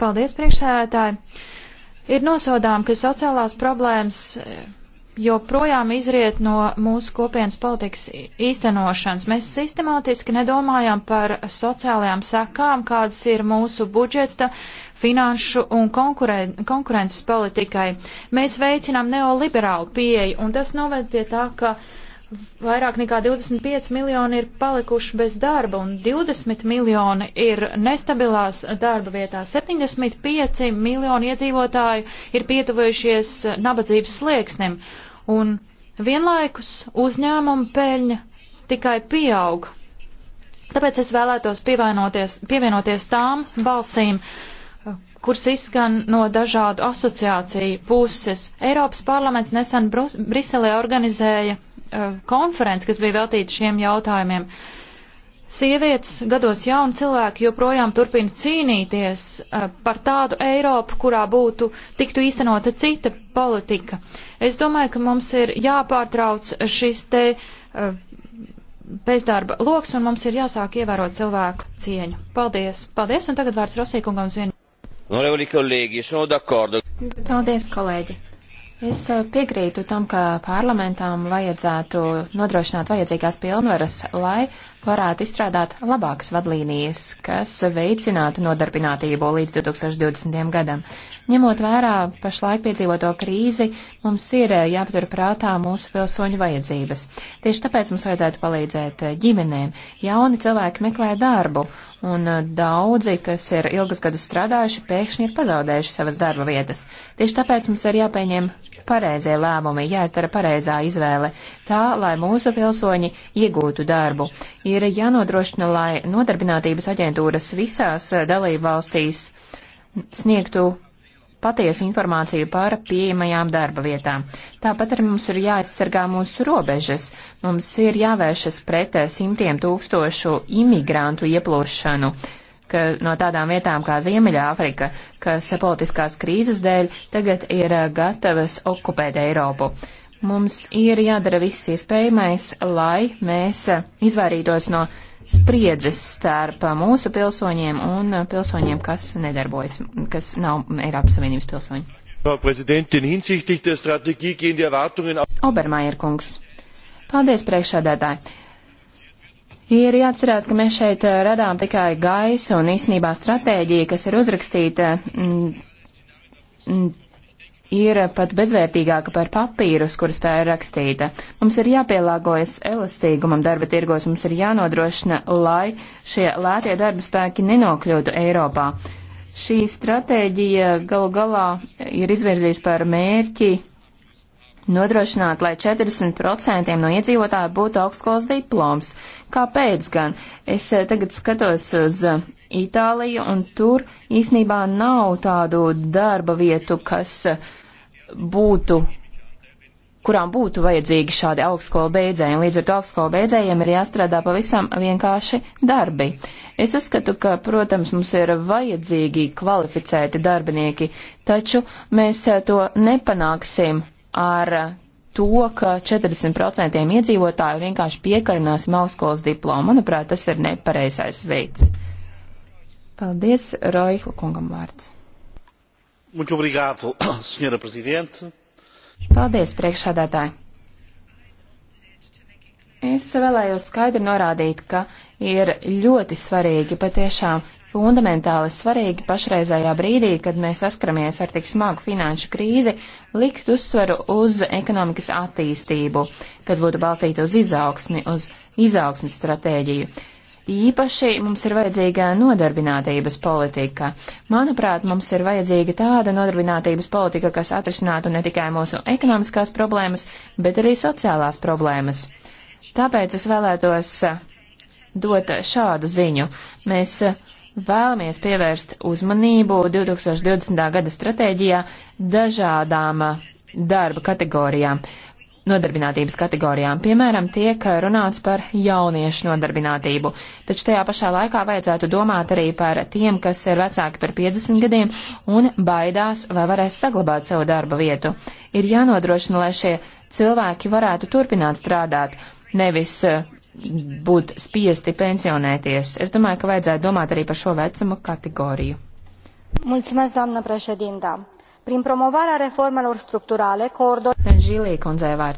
Paldies, priekšsēdētāji! Ir nosodām, ka sociālās problēmas joprojām izriet no mūsu kopienas politikas īstenošanas. Mēs sistemātiski nedomājam par sociālajām sekām, kādas ir mūsu budžeta, finanšu un konkuren konkurences politikai. Mēs veicinām neoliberālu pieeju, un tas noved pie tā, ka uh, vairāk nekā 25 miljoni ir palikuši bez darba un 20 miljoni ir nestabilās darba vietā. 75 miljoni iedzīvotāju ir pietuvojušies nabadzības slieksnim un vienlaikus uzņēmuma peļņa tikai pieaug. Tāpēc es vēlētos pievienoties tām balsīm, kuras izskan no dažādu asociāciju puses. Eiropas parlaments nesen Bru Briselē organizēja Uh, konferenci, kas bija veltīta šiem jautājumiem. Sievietes, gados jauni cilvēki joprojām turpina cīnīties uh, par tādu Eiropu, kurā būtu tiktu īstenota cita politika. Es domāju, ka mums ir jāpārtrauc šis te uh, bezdarba loks un mums ir jāsāk ievērot cilvēku cieņu. Paldies! Paldies! Un tagad vārds Rosīkungam uz vienu. Paldies, kolēģi! Es eh, piekrītu tam, ka parlamentām vajadzētu nodrošināt vajadzīgās pilnvaras, lai varētu izstrādāt labākas vadlīnijas, kas veicinātu nodarbinātību līdz 2020. gadam. Ņemot vērā pašlaik piedzīvoto krīzi, mums ir eh, jāpatur prātā mūsu pilsoņu vajadzības. Tieši tāpēc mums vajadzētu palīdzēt eh, ģimenēm. Jauni cilvēki meklē darbu, un daudzi, kas ir ilgus gadus strādājuši, pēkšņi ir pazaudējuši savas darba vietas. Tieši tāpēc mums ir jāpieņem pareizie lēmumi, jāizdara pareizā izvēle, tā, lai mūsu pilsoņi iegūtu darbu. Ir jānodrošina, lai nodarbinātības aģentūras visās dalību valstīs sniegtu patiesu informāciju par pieejamajām darba vietām. Tāpat arī mums ir jāaizsargā mūsu robežas. Mums ir jāvēršas pret simtiem tūkstošu imigrantu ieplūšanu ka no tādām vietām kā Ziemeļāfrika, kas politiskās krīzes dēļ tagad ir eh, gatavas okupēt Eiropu. Mums ir jādara viss iespējamais, lai mēs eh, izvairītos no spriedzes starp mūsu pilsoņiem un pilsoņiem, kas nedarbojas, kas nav Eiropas Savienības pilsoņi. Frau Präsidentin, hinsichtlich der Strategie gehen die Erwartungen auf. Obermeier Kungs. Paldies, priekšsēdētāji. Ir jāatcerās, ka mēs šeit eh, radām tikai gaisu un īsnībā stratēģija, kas ir uzrakstīta, mm, mm, ir pat bezvērtīgāka par papīru, uz kuras tā ir rakstīta. Mums ir jāpielāgojas elastīgumam darba tirgos, mums ir jānodrošina, lai šie lētie darba spēki nenokļūtu Eiropā. Šī stratēģija galu galā ir izvirzījis par mērķi nodrošināt, lai 40% no iedzīvotāju būtu augstskolas diploms. Kāpēc gan? Es eh, tagad skatos uz eh, Itāliju, un tur īsnībā nav tādu darba vietu, kas eh, būtu kurām būtu vajadzīgi šādi augstskola beidzēji, un līdz ar to augstskola beidzējiem ir jāstrādā pavisam vienkārši darbi. Es uzskatu, ka, protams, mums ir vajadzīgi kvalificēti darbinieki, taču mēs to nepanāksim ar to, ka 40% iedzīvotāju vienkārši piekarinās mauskolas diplomu. Manuprāt, tas ir nepareizais veids. Paldies, Roihla kungam vārds. Muito obrigado, senhora presidente. Paldies, priekšsādātāji. Es vēlējos skaidri norādīt, ka ir ļoti svarīgi patiešām fundamentāli svarīgi pašreizējā brīdī, kad mēs saskaramies ar tik smagu finanšu krīzi, likt uzsvaru uz ekonomikas attīstību, kas būtu balstīta uz izaugsmi, uz izaugsmes stratēģiju. Īpaši mums ir vajadzīga nodarbinātības politika. Manuprāt, mums ir vajadzīga tāda nodarbinātības politika, kas atrisinātu ne tikai mūsu ekonomiskās problēmas, bet arī sociālās problēmas. Tāpēc es vēlētos dot šādu ziņu. Mēs uh, vēlamies pievērst uzmanību 2020. gada stratēģijā dažādām uh, darba kategorijām, nodarbinātības kategorijām. Piemēram, tiek uh, runāts par jauniešu nodarbinātību, taču tajā pašā laikā vajadzētu domāt arī par tiem, kas ir vecāki par 50 gadiem un baidās, vai varēs saglabāt savu darba vietu. Ir jānodrošina, lai šie cilvēki varētu turpināt strādāt, nevis uh, būt spiesti pensionēties. Es domāju, ka vajadzētu domāt arī par šo vecumu kategoriju. Mulțumesc, doamnă președintă. Prin promovarea reformelor structurale, coordonarea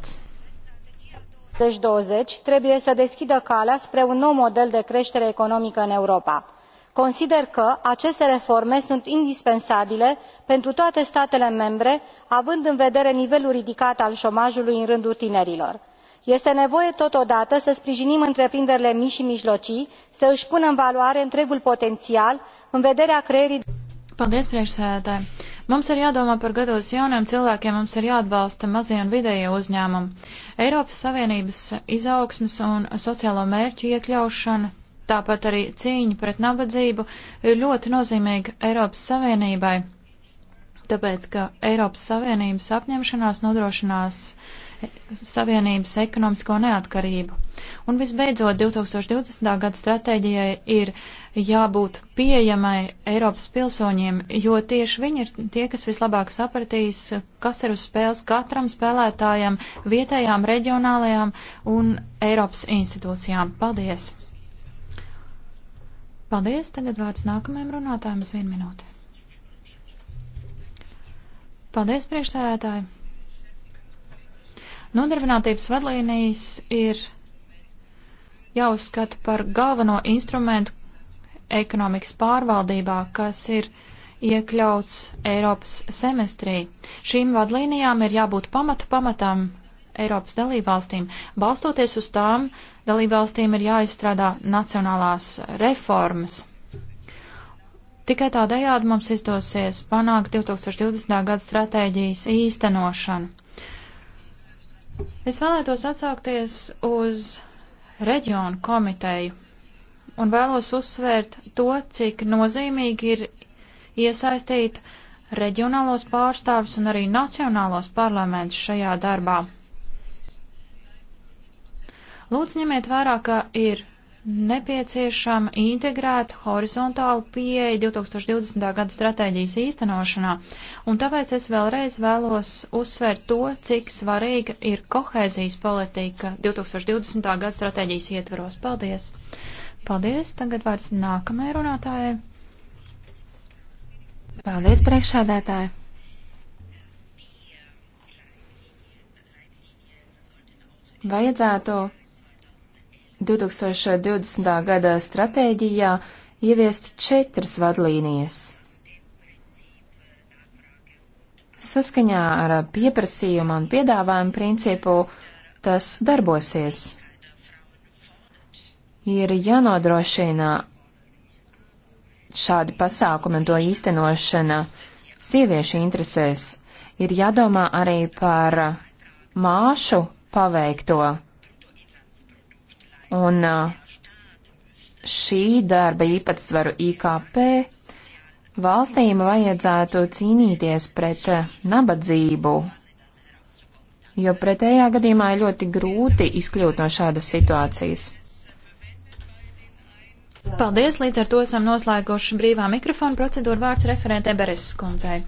2020 trebuie să deschidă calea spre un nou model de creștere economică în Europa. Consider că aceste reforme sunt indispensabile pentru toate statele membre, având în vedere nivelul ridicat al șomajului în rândul tinerilor este nevoie totodată să sprijinim întreprinderile mici i mijlocii să îi pună în valoare întregul potențial în vederea creării Paldies, priekšsēdētāji! Mums ir jādomā par gados jauniem cilvēkiem, mums ir jāatbalsta mazie un vidējie uzņēmumi. Eiropas Savienības izaugsmas un sociālo mērķu iekļaušana, tāpat arī cīņa pret nabadzību ir ļoti nozīmīga Eiropas Savienībai, tāpēc ka Eiropas Savienības apņemšanās nodrošinās uh, Savienības ekonomisko neatkarību. Un visbeidzot, 2020. gada stratēģijai ir jābūt pieejamai Eiropas pilsoņiem, jo tieši viņi ir tie, kas vislabāk sapratīs, kas ir uz spēles katram spēlētājam, vietējām, reģionālajām un Eiropas institūcijām. Paldies! Paldies! Tagad vārds nākamajam runātājam uz vienu minūti. Paldies, priekšsēdētāji! Nodarbinātības vadlīnijas ir jāuzskata par galveno instrumentu ekonomikas pārvaldībā, kas ir iekļauts Eiropas semestrī. Šīm vadlīnijām ir jābūt pamatu pamatam Eiropas dalībvalstīm. Balstoties uz tām, dalībvalstīm ir jāizstrādā nacionālās reformas. Tikai tādējādi mums izdosies panākt 2020. gada stratēģijas īstenošanu. Es vēlētos atsaukties uz reģionu komiteju un vēlos uzsvērt to, cik nozīmīgi ir iesaistīt reģionālos pārstāvis un arī nacionālos parlamentus šajā darbā. Lūdzu, ņemiet vērā, ka ir nepieciešama integrēta horizontāla pieeja 2020. gada stratēģijas īstenošanā, un tāpēc es vēlreiz vēlos uzsvērt to, cik svarīga ir kohēzijas politika 2020. gada stratēģijas ietvaros. Paldies! Paldies! Tagad vārds nākamajai runātājai. Paldies, priekšādētāji! Vajadzētu 2020. gada stratēģijā ieviest četras vadlīnijas. Saskaņā ar pieprasījuma un piedāvājuma principu tas darbosies. Ir jānodrošina šādi pasākumi un to īstenošana sieviešu interesēs. Ir jādomā arī par māšu paveikto Un šī darba īpatsvaru IKP valstīm vajadzētu cīnīties pret nabadzību, jo pretējā gadījumā ir ļoti grūti izkļūt no šādas situācijas. Paldies, līdz ar to esam noslēguši brīvā mikrofona procedūru vārds referentē Bereses kundzei.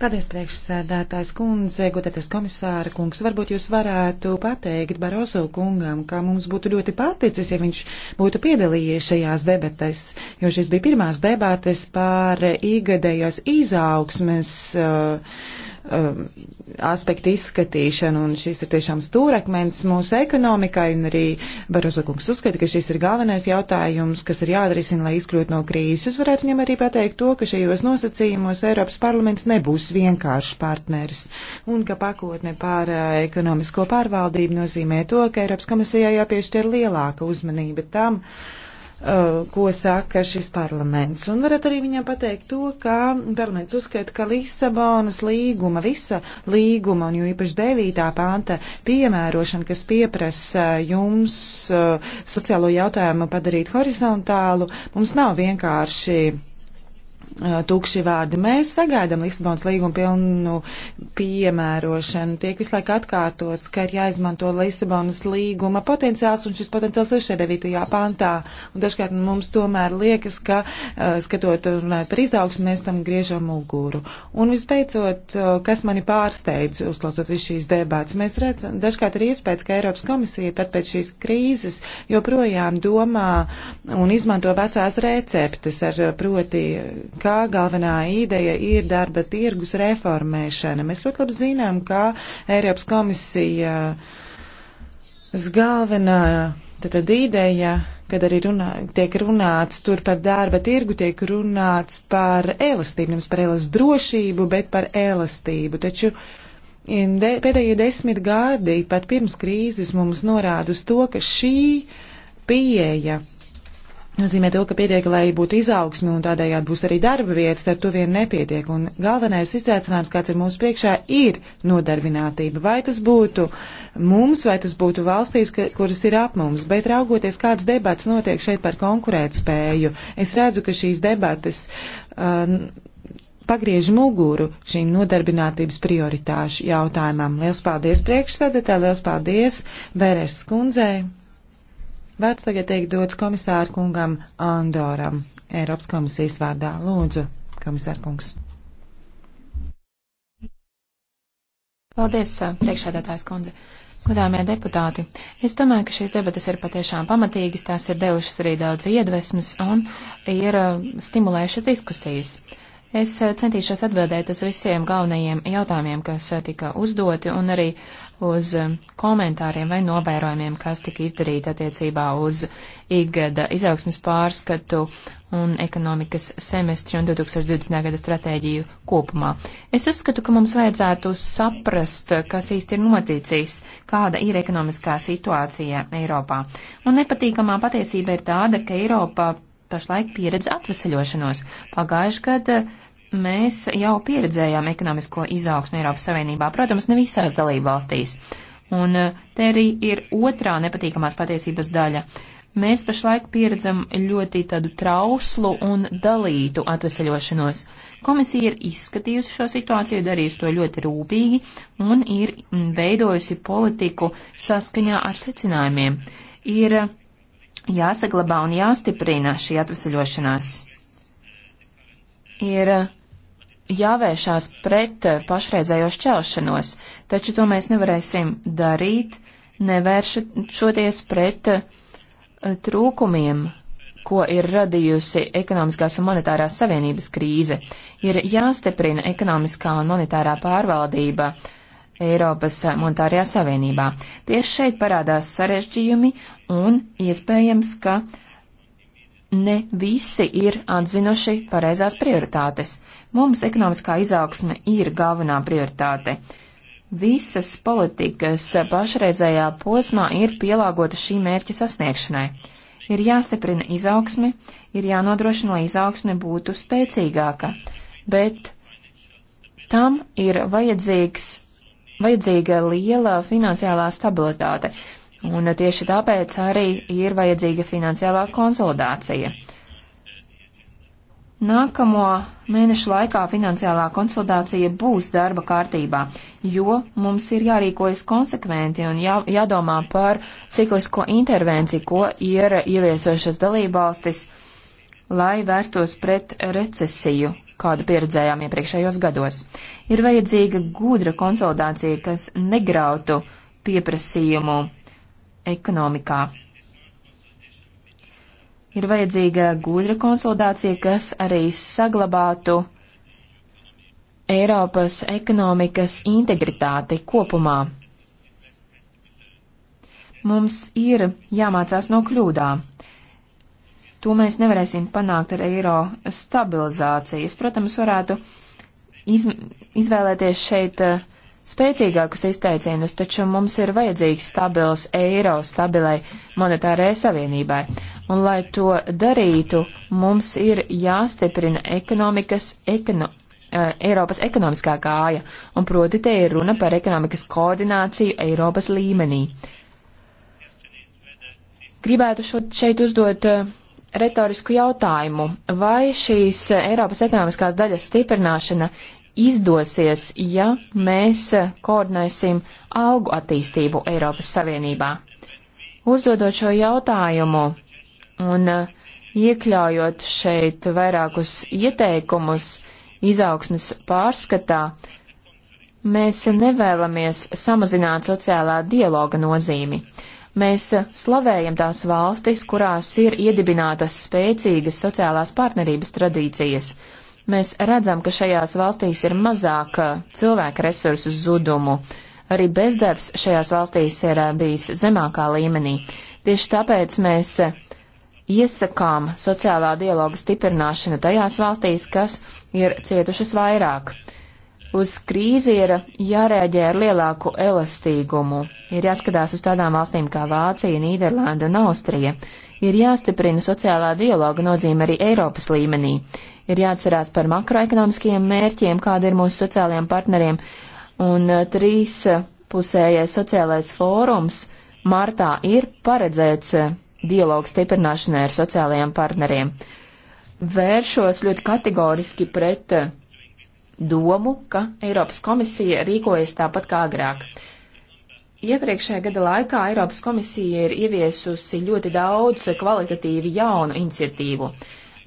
Paldies, priekšsēdētājs kundze, gudētais komisāra kungs. Varbūt jūs varētu pateikt Barozo kungam, ka mums būtu ļoti paticis, ja viņš būtu piedalījies šajās debatēs, jo šis bija pirmās debates par īgadējos izaugsmes. Uh, um, aspektu izskatīšanu, un šis ir tiešām stūrakmens mūsu ekonomikai, un arī Barozakums uzskata, ka šis ir galvenais jautājums, kas ir jāatrisina, lai izkļūtu no krīzes. Jūs varētu viņam arī pateikt to, ka šajos nosacījumos Eiropas parlaments nebūs vienkāršs partners, un ka pakotne pār uh, ekonomisko pārvaldību nozīmē to, ka Eiropas komisijai jāpiešķir lielāka uzmanība tam, uh, Uh, ko saka šis parlaments. Un varat arī viņam pateikt to, ka parlaments uzskata, ka Lisabonas līguma, visa līguma un jo īpaši 9. panta piemērošana, kas pieprasa jums uh, sociālo jautājumu padarīt horizontālu, mums nav vienkārši Uh, tukši vārdi. Mēs sagaidām Lisabonas līguma pilnu piemērošanu. Tiek visu laiku atkārtots, ka ir jāizmanto Lisabonas līguma potenciāls, un šis potenciāls ir šeit 9. pantā. Un dažkārt mums tomēr liekas, ka uh, skatot uh, par izaugsmu, mēs tam griežam muguru. Un visbeidzot, kas mani pārsteidz, uzklausot visu šīs debātas, mēs redzam, dažkārt ir iespējas, ka Eiropas komisija pat pēc šīs krīzes joprojām domā un izmanto vecās receptes ar proti ka galvenā ideja ir darba tirgus reformēšana. Mēs ļoti labi zinām, ka Eiropas komisija galvenā tad ideja, kad arī runā, tiek runāts tur par darba tirgu, tiek runāts par elastību, nevis par elas drošību, bet par elastību. Taču de, pēdējie desmit gadi, pat pirms krīzes, mums norāda uz to, ka šī pieeja nozīmē to, ka pietiek, lai būtu izaugsme un tādējādi būs arī darba vietas, ar to vien nepietiek. Un galvenais izaicinājums, kāds ir mūsu priekšā, ir nodarbinātība. Vai tas būtu mums, vai tas būtu valstīs, ka, kuras ir ap mums, bet raugoties, kāds debats notiek šeit par konkurētspēju, es redzu, ka šīs debatas. Uh, pagriež muguru šīm nodarbinātības prioritāšu jautājumam. Liels paldies priekšsēdētāji, liels paldies Beres skundzei! Vērts tagad teikt dots komisāru kungam Andoram, Eiropas komisijas vārdā. Lūdzu, komisāru kungs. Paldies, priekšādātājs kundze. Godāmie deputāti, es domāju, ka šīs debatas ir patiešām pamatīgas, tās ir devušas arī daudz iedvesmas un ir stimulējušas diskusijas. Es centīšos atbildēt uz visiem galvenajiem jautājumiem, kas tika uzdoti, un arī uz um, komentāriem vai novērojumiem, kas tika izdarīti attiecībā uz ikgada izaugsmas pārskatu un ekonomikas semestri un 2020. gada stratēģiju kopumā. Es uzskatu, ka mums vajadzētu saprast, kas īsti ir noticis, kāda ir ekonomiskā situācija Eiropā. Un nepatīkamā patiesība ir tāda, ka Eiropa pašlaik pieredz atvesaļošanos. Pagājuši gada uh, mēs jau pieredzējām ekonomisko izaugsmu Eiropas Savienībā, protams, ne visās dalībvalstīs. Un eh, te arī ir otrā nepatīkamās patiesības daļa. Mēs pašlaik pieredzam ļoti tādu trauslu un dalītu atveseļošanos. Komisija ir izskatījusi šo situāciju, darījusi to ļoti rūpīgi un ir mm, veidojusi politiku saskaņā ar secinājumiem. Ir jāsaglabā un jāstiprina šī atveseļošanās. Ir jāvēršās pret eh, pašreizējo šķelšanos, taču to mēs nevarēsim darīt, nevēršoties pret eh, trūkumiem, ko ir radījusi ekonomiskās un monetārās savienības krīze. Ir jāstiprina ekonomiskā un monetārā pārvaldība Eiropas monetārajā savienībā. Tieši šeit parādās sarežģījumi un iespējams, ka ne visi ir atzinuši pareizās prioritātes. Mums ekonomiskā izaugsme ir galvenā prioritāte. Visas politikas pašreizējā posmā ir pielāgota šī mērķa sasniegšanai. Ir jāstiprina izaugsme, ir jānodrošina, lai izaugsme būtu spēcīgāka, bet tam ir vajadzīgs, vajadzīga liela finansiālā stabilitāte, un tieši tāpēc arī ir vajadzīga finansiālā konsolidācija. Nākamo mēnešu laikā finansiālā konsolidācija būs darba kārtībā, jo mums ir jārīkojas konsekventi un jā, jādomā par ciklisko intervenciju, ko ir ieviesošas dalībvalstis, lai vērstos pret recesiju, kādu pieredzējām iepriekšējos gados. Ir vajadzīga gudra konsolidācija, kas negrautu pieprasījumu ekonomikā. Ir vajadzīga gudra konsolidācija, kas arī saglabātu Eiropas ekonomikas integritāti kopumā. Mums ir jāmācās no kļūdām. To mēs nevarēsim panākt ar eiro stabilizāciju. Es, protams, varētu izm izvēlēties šeit uh, spēcīgākus izteicienus, taču mums ir vajadzīgs stabils eiro stabilai monetārai savienībai. Un, lai to darītu, mums ir jāstiprina ekonomikas, ekono, eh, Eiropas ekonomiskā gāja, un proti te ir runa par ekonomikas koordināciju Eiropas līmenī. Gribētu šo, šeit uzdot eh, retorisku jautājumu, vai šīs eh, Eiropas ekonomiskās daļas stiprināšana izdosies, ja mēs koordinēsim algu attīstību Eiropas Savienībā. Uzdodot šo jautājumu, Un uh, iekļaujot šeit vairākus ieteikumus izaugsmes pārskatā, mēs nevēlamies samazināt sociālā dialoga nozīmi. Mēs uh, slavējam tās valstis, kurās ir iedibinātas spēcīgas sociālās partnerības tradīcijas. Mēs redzam, ka šajās valstīs ir mazāk uh, cilvēku resursu zudumu. Arī bezdarbs šajās valstīs ir bijis zemākā līmenī. Tieši tāpēc mēs iesakām sociālā dialoga stiprināšana tajās valstīs, kas ir cietušas vairāk. Uz krīzi ir jārēģē ar lielāku elastīgumu, ir jāskatās uz tādām valstīm kā Vācija, Nīderlanda un Austrija, ir jāstiprina sociālā dialoga nozīme arī Eiropas līmenī, ir jāatcerās par makroekonomiskajiem mērķiem, kāda ir mūsu sociālajiem partneriem, un eh, trīs pusējais sociālais fórums martā ir paredzēts eh, dialogu stiprināšanai ar sociālajiem partneriem. Vēršos ļoti kategoriski pret eh, domu, ka Eiropas komisija rīkojas tāpat kā agrāk. Iepriekšējā gada laikā Eiropas komisija ir ieviesusi ļoti daudz kvalitatīvi jaunu iniciatīvu.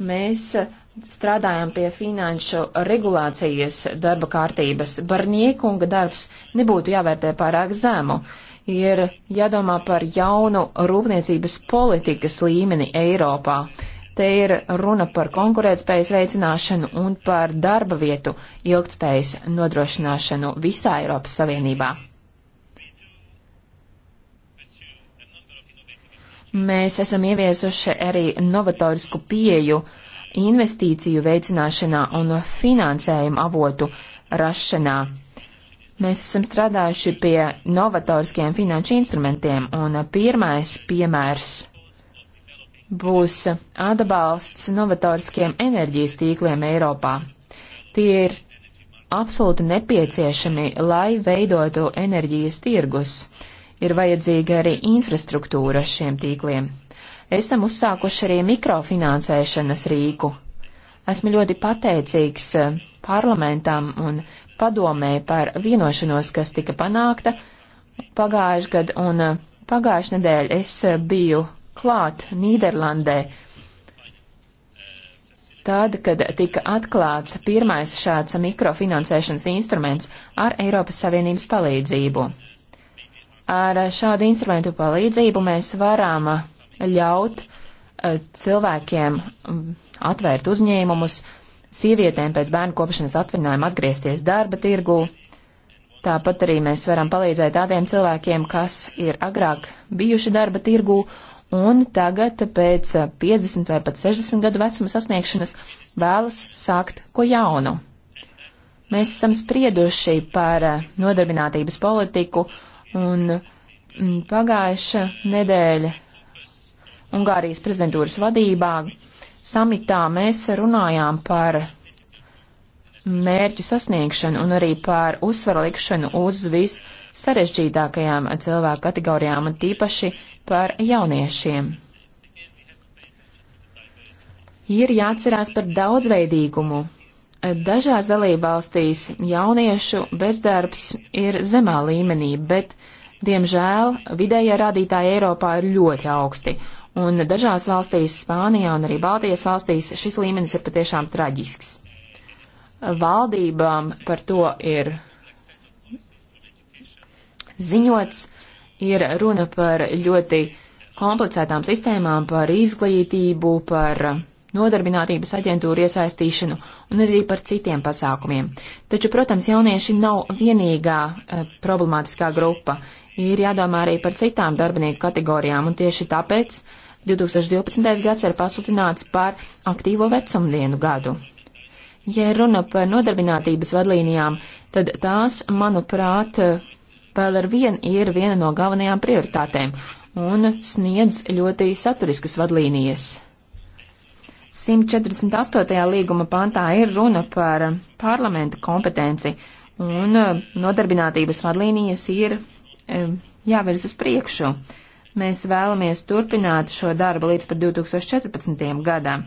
Mēs eh, strādājam pie finanšu regulācijas darba kārtības. Barniekunga darbs nebūtu jāvērtē pārāk zēmu. Uh, ir jādomā par jaunu rūpniecības politikas līmeni Eiropā. Te ir runa par konkurētspējas veicināšanu un par darba vietu ilgtspējas nodrošināšanu visā Eiropas Savienībā. Mēs esam ieviesuši arī novatorisku pieju investīciju veicināšanā un finansējuma avotu rašanā Mēs esam strādājuši pie novatoriskiem finanšu instrumentiem, un pirmais piemērs būs atbalsts novatoriskiem enerģijas tīkliem Eiropā. Tie ir absolūti nepieciešami, lai veidotu enerģijas tirgus. Ir vajadzīga arī infrastruktūra šiem tīkliem. Esam uzsākuši arī mikrofinansēšanas rīku. Esmu ļoti pateicīgs eh, parlamentam un padomē par vienošanos, kas tika panākta pagājuši gadu, un uh, pagājuši nedēļ es uh, biju klāt Nīderlandē, tad, kad tika atklāts pirmais šāds mikrofinansēšanas instruments ar Eiropas Savienības palīdzību. Ar uh, šādu instrumentu palīdzību mēs varam ļaut cilvēkiem um, atvērt uzņēmumus, sievietēm pēc bērnu kopšanas atvinājuma atgriezties darba tirgū. Tāpat arī mēs varam palīdzēt tādiem cilvēkiem, kas ir agrāk bijuši darba tirgū un tagad pēc 50 vai pat 60 gadu vecuma sasniegšanas vēlas sākt ko jaunu. Mēs esam sprieduši par eh, nodarbinātības politiku un mm, pagājuša nedēļa Ungārijas prezidentūras vadībā samitā mēs runājām par mērķu sasniegšanu un arī par uzsvaru likšanu uz vis sarežģītākajām cilvēku kategorijām un tīpaši par jauniešiem. Ir jāatcerās par daudzveidīgumu. Dažās dalībvalstīs jauniešu bezdarbs ir zemā līmenī, bet, diemžēl, vidējā rādītāja Eiropā ir ļoti augsti, Un dažās valstīs, Spānijā un arī Baltijas valstīs, šis līmenis ir patiešām traģisks. Valdībām par to ir ziņots, ir runa par ļoti komplicētām sistēmām, par izglītību, par nodarbinātības aģentūru iesaistīšanu un arī par citiem pasākumiem. Taču, protams, jaunieši nav vienīgā e, problemātiskā grupa. Ir jādomā arī par citām darbinieku kategorijām, un tieši tāpēc 2012. gads ir pasludināts par aktīvo vecumdienu gadu. Ja runa par nodarbinātības vadlīnijām, tad tās, manuprāt, vēl ar vien ir viena no galvenajām prioritātēm un sniedz ļoti saturiskas vadlīnijas. 148. līguma pantā ir runa par parlamenta kompetenci, un nodarbinātības vadlīnijas ir jāvirz uz priekšu. Mēs vēlamies turpināt šo darbu līdz pat 2014. gadam.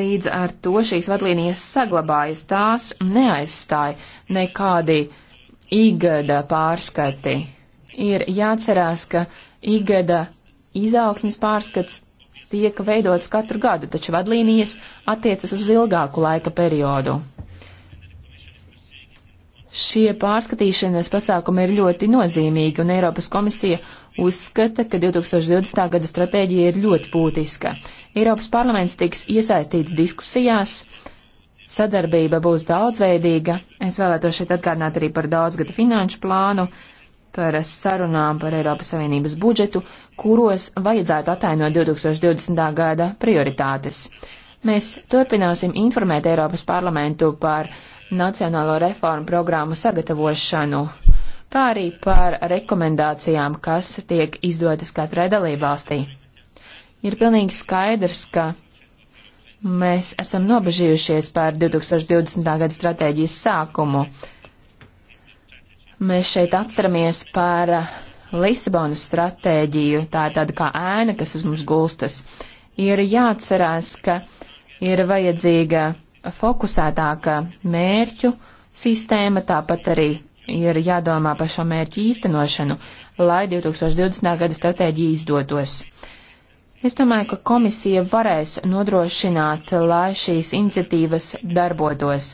Līdz ar to šīs vadlīnijas saglabājas, tās neaizstāja nekādi igada pārskati. Ir jāatcerās, ka igada izaugsmes pārskats tiek veidots katru gadu, taču vadlīnijas attiecas uz ilgāku laika periodu. Šie pārskatīšanas pasākumi ir ļoti nozīmīgi, un Eiropas komisija uzskata, ka 2020. gada stratēģija ir ļoti būtiska. Eiropas parlaments tiks iesaistīts diskusijās, sadarbība būs daudzveidīga. Es vēlētos šeit atgādināt arī par daudzgada finanšu plānu, par sarunām par Eiropas Savienības budžetu, kuros vajadzētu atainot 2020. gada prioritātes. Mēs turpināsim informēt Eiropas parlamentu par Nacionālo reformu programmu sagatavošanu, kā arī par rekomendācijām, kas tiek izdotas katrai dalībvalstī. Ir pilnīgi skaidrs, ka mēs esam nobežījušies par 2020. gada stratēģijas sākumu. Mēs šeit atceramies par Lisabonas stratēģiju, tā ir tāda kā ēna, kas uz mums gulstas, ir jāatcerās, ka ir vajadzīga fokusētāka mērķu sistēma, tāpat arī ir jādomā par šo mērķu īstenošanu, lai 2020. gada stratēģija izdotos. Es domāju, ka komisija varēs nodrošināt, lai šīs iniciatīvas darbotos.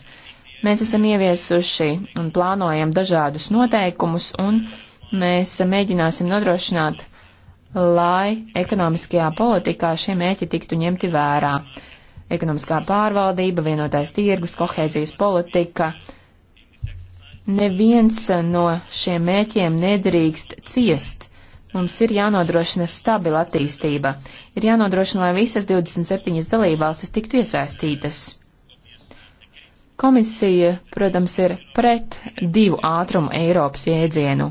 Mēs esam ieviesuši un plānojam dažādus noteikumus, un mēs mēģināsim nodrošināt, lai ekonomiskajā politikā šie mērķi tiktu ņemti vērā ekonomiskā pārvaldība, vienotais tirgus, kohēzijas politika. Neviens no šiem mēķiem nedrīkst ciest. Mums ir jānodrošina stabila attīstība. Ir jānodrošina, lai visas 27 dalībvalstis tiktu iesaistītas. Komisija, protams, ir pret divu ātrumu Eiropas jēdzienu.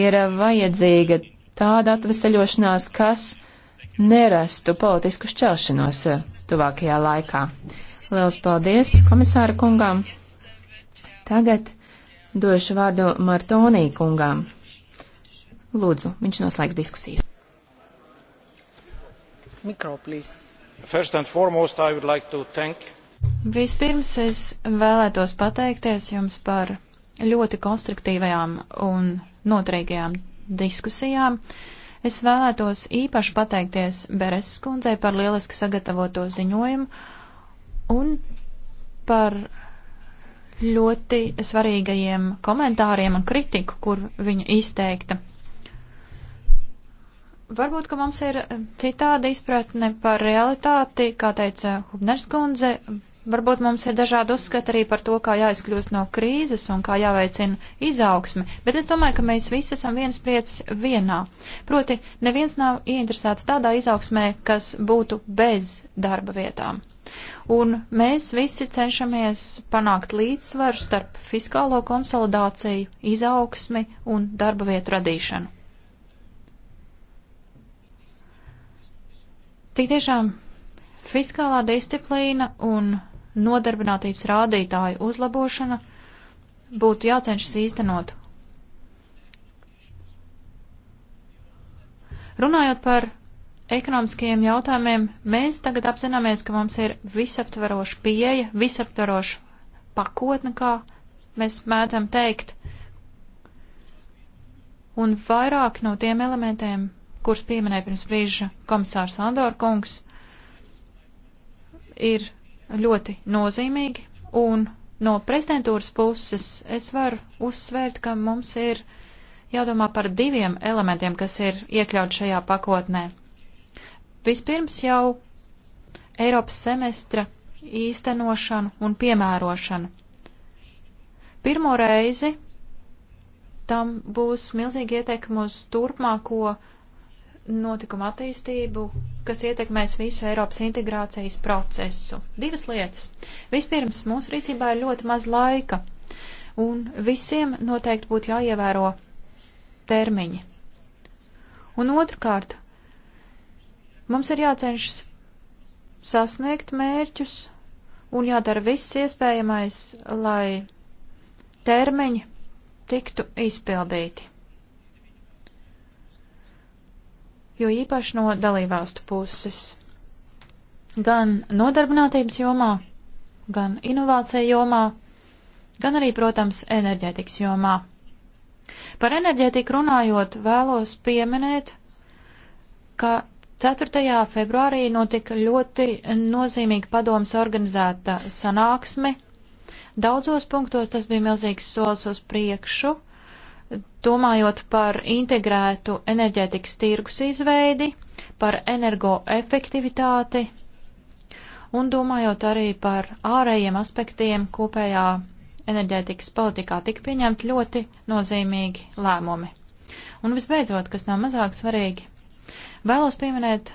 Ir vajadzīga tāda atvesaļošanās, kas nerastu politisku šķelšanos tuvākajā laikā. Liels paldies komisāra kungām. Tagad došu vārdu Martonī kungām. Lūdzu, viņš noslēgs diskusijas. Mikro, please. First and foremost, I would like to thank. Vispirms es vēlētos pateikties jums par ļoti konstruktīvajām un noturīgajām diskusijām. Uh, Es vēlētos īpaši pateikties Beres skundzei par lieliski sagatavoto ziņojumu un par ļoti svarīgajiem komentāriem un kritiku, kur viņa izteikta. Varbūt, ka mums ir citāda izpratne par realitāti, kā teica Hubners kundze, Varbūt mums ir dažādi uzskati arī par to, kā jāizkļūst no krīzes un kā jāveicina izaugsme, bet es domāju, ka mēs visi esam viens priecas vienā. Proti, neviens nav ieinteresēts tādā izaugsmē, kas būtu bez darba vietām. Un mēs visi cenšamies panākt līdzsvaru starp fiskālo konsolidāciju, izaugsmi un darba vietu radīšanu. Tik tiešām fiskālā disciplīna un nodarbinātības rādītāju uzlabošana būtu jācenšas īstenot. Runājot par ekonomiskajiem jautājumiem, mēs tagad apzināmies, ka mums ir visaptveroša pieeja, visaptveroša pakotne, kā mēs mēdzam teikt, un vairāk no tiem elementiem, kurus pieminēja pirms brīža komisārs Andor kungs, ir ļoti nozīmīgi, un no prezidentūras puses es varu uzsvērt, ka mums ir jādomā par diviem elementiem, kas ir iekļaut šajā pakotnē. Vispirms jau Eiropas semestra īstenošanu un piemērošanu. Pirmo reizi tam būs milzīgi ieteikumi uz turpmāko notikumu attīstību kas ietekmēs visu Eiropas integrācijas procesu. Divas lietas. Vispirms, mūsu rīcībā ir ļoti maz laika, un visiem noteikti būtu jāievēro termiņi. Un otrkārt, mums ir jācenšas sasniegt mērķus un jādara viss iespējamais, lai termiņi tiktu izpildīti. jo īpaši no dalībvalstu puses. Gan nodarbinātības jomā, gan inovācija jomā, gan arī, protams, enerģētikas jomā. Par enerģētiku runājot, vēlos pieminēt, ka 4. februārī notika ļoti nozīmīga padomas organizēta sanāksme. Daudzos punktos tas bija milzīgs solis uz priekšu, domājot par integrētu enerģētikas tirgus izveidi, par energoefektivitāti un domājot arī par ārējiem aspektiem kopējā enerģētikas politikā, tika pieņemti ļoti nozīmīgi lēmumi. Un visbeidzot, kas nav mazāk svarīgi, vēlos pieminēt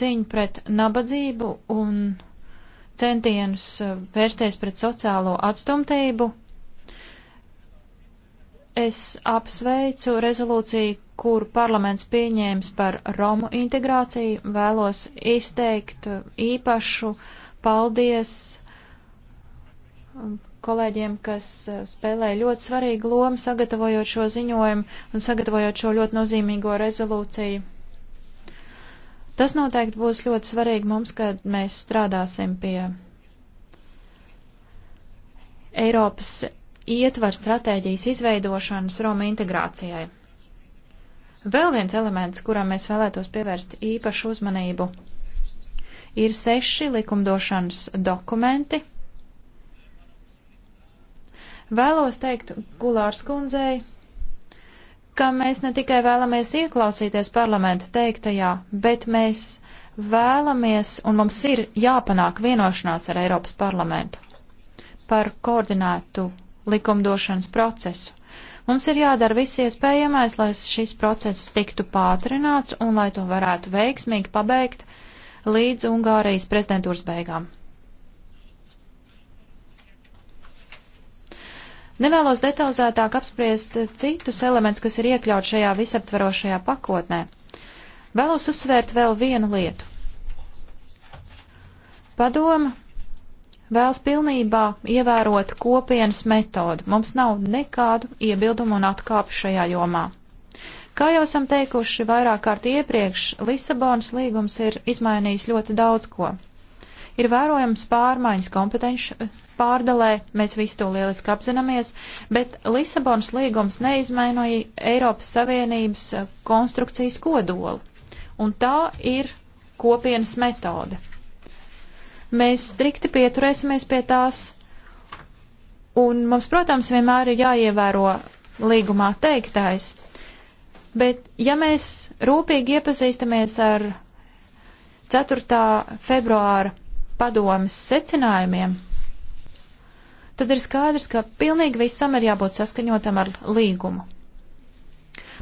cīņu pret nabadzību un centienus vērsties pret sociālo atstumtību Es apsveicu rezolūciju, kuru parlaments pieņēmis par Romu integrāciju. Vēlos izteikt īpašu paldies um, kolēģiem, kas uh, spēlēja ļoti svarīgu lomu sagatavojot šo ziņojumu un sagatavojot šo ļoti nozīmīgo rezolūciju. Tas noteikti būs ļoti svarīgi mums, kad mēs strādāsim pie Eiropas ietver stratēģijas izveidošanas Roma integrācijai. Vēl viens elements, kuram mēs vēlētos pievērst īpašu uzmanību, ir seši likumdošanas dokumenti. Vēlos teikt Gulārs kundzei, ka mēs ne tikai vēlamies ieklausīties parlamenta teiktajā, bet mēs vēlamies un mums ir jāpanāk vienošanās ar Eiropas parlamentu par koordinētu likumdošanas procesu. Mums ir jādara viss iespējamais, lai šis process tiktu pātrināts un lai to varētu veiksmīgi pabeigt līdz Ungārijas prezidentūras beigām. Nevēlos detalizētāk apspriest citus elementus, kas ir iekļauts šajā visaptvarošajā pakotnē. Vēlos uzsvērt vēl vienu lietu. Padoma vēlas pilnībā ievērot kopienas metodu. Mums nav nekādu iebildumu un atkāpju šajā jomā. Kā jau esam teikuši vairāk kārt iepriekš, Lisabonas līgums ir izmainījis ļoti daudz ko. Ir vērojams pārmaiņas kompetenci pārdalē, mēs visu to lieliski apzināmies, bet Lisabonas līgums neizmainoja Eiropas Savienības konstrukcijas kodolu. Un tā ir kopienas metode. Mēs strikti pieturēsimies pie tās, un mums, protams, vienmēr ir jāievēro līgumā teiktais. Bet, ja mēs rūpīgi iepazīstamies ar 4. februāra padomas secinājumiem, tad ir skaidrs, ka pilnīgi visam ir jābūt saskaņotam ar līgumu.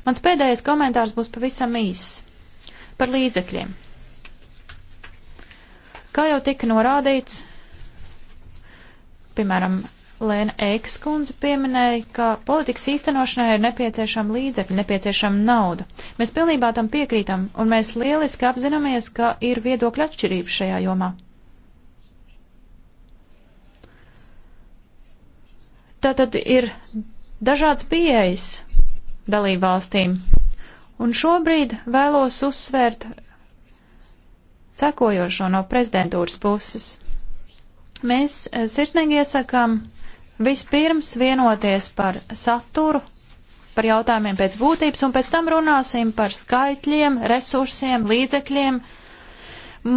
Mans pēdējais komentārs būs pavisam īss par līdzekļiem. Kā jau tika norādīts, piemēram, Lēna Eikas kundze pieminēja, ka politikas īstenošanai ir nepieciešama līdzekļa, nepieciešama nauda. Mēs pilnībā tam piekrītam, un mēs lieliski apzināmies, ka ir viedokļa atšķirība šajā jomā. Tātad ir dažāds pieejas dalībvalstīm, un šobrīd vēlos uzsvērt sekojošo no prezidentūras puses. Mēs eh, sirsnīgi iesakām vispirms vienoties par saturu, par jautājumiem pēc būtības, un pēc tam runāsim par skaitļiem, resursiem, līdzekļiem.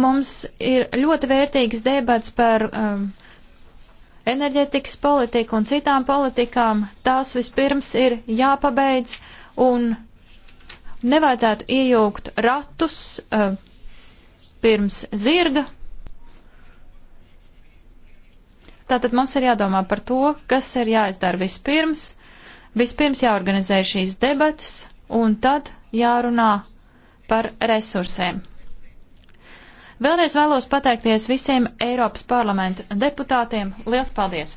Mums ir ļoti vērtīgs debats par um, enerģetikas politiku un citām politikām. Tās vispirms ir jāpabeidz, un nevajadzētu iejaukt ratus, um, pirms zirga. Tātad mums ir jādomā par to, kas ir jāizdara vispirms. Vispirms jāorganizē šīs debatas un tad jārunā par resursiem. Vēlreiz vēlos pateikties visiem Eiropas parlamenta deputātiem. Lielas paldies!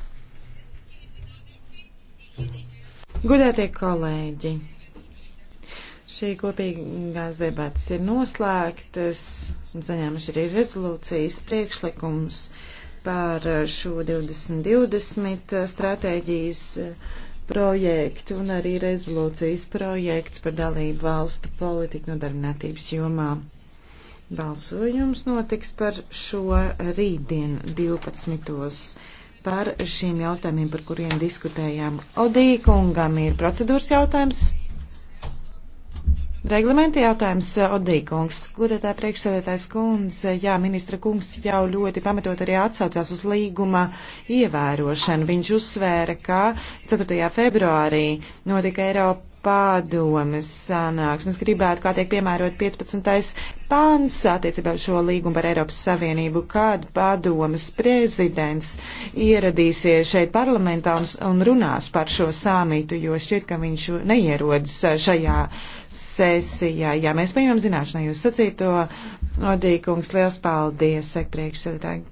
Gudētie kolēģi! Šī kopīgās debats ir noslēgtas. Esam saņēmuši arī rezolūcijas priekšlikums par šo 2020 stratēģijas projektu un arī rezolūcijas projekts par dalību valstu politiku nodarbinātības jomā. Balsojums notiks par šo rītdien 12. par šīm jautājumiem, par kuriem diskutējām. Odī kungam ir procedūras jautājums. Reglamenta jautājums, eh, Odīkungs. Godētā priekšsēdētājs kungs, jā, ministra kungs jau ļoti pamatot arī atsaucās uz līguma ievērošanu. Viņš uzsvēra, ka 4. februārī notika Eiropa padomes sanāksmes. Gribētu, kā tiek piemērot 15. pants attiecībā uz šo līgumu par Eiropas Savienību, kad padomes prezidents ieradīsies šeit parlamentā un, un runās par šo samitu, jo šķiet, ka viņš neierodas šajā uh, sesijā. Jā, mēs pieņemam zināšanai jūs sacīto, Odīkungs, liels paldies, sek priekšsēdētāji.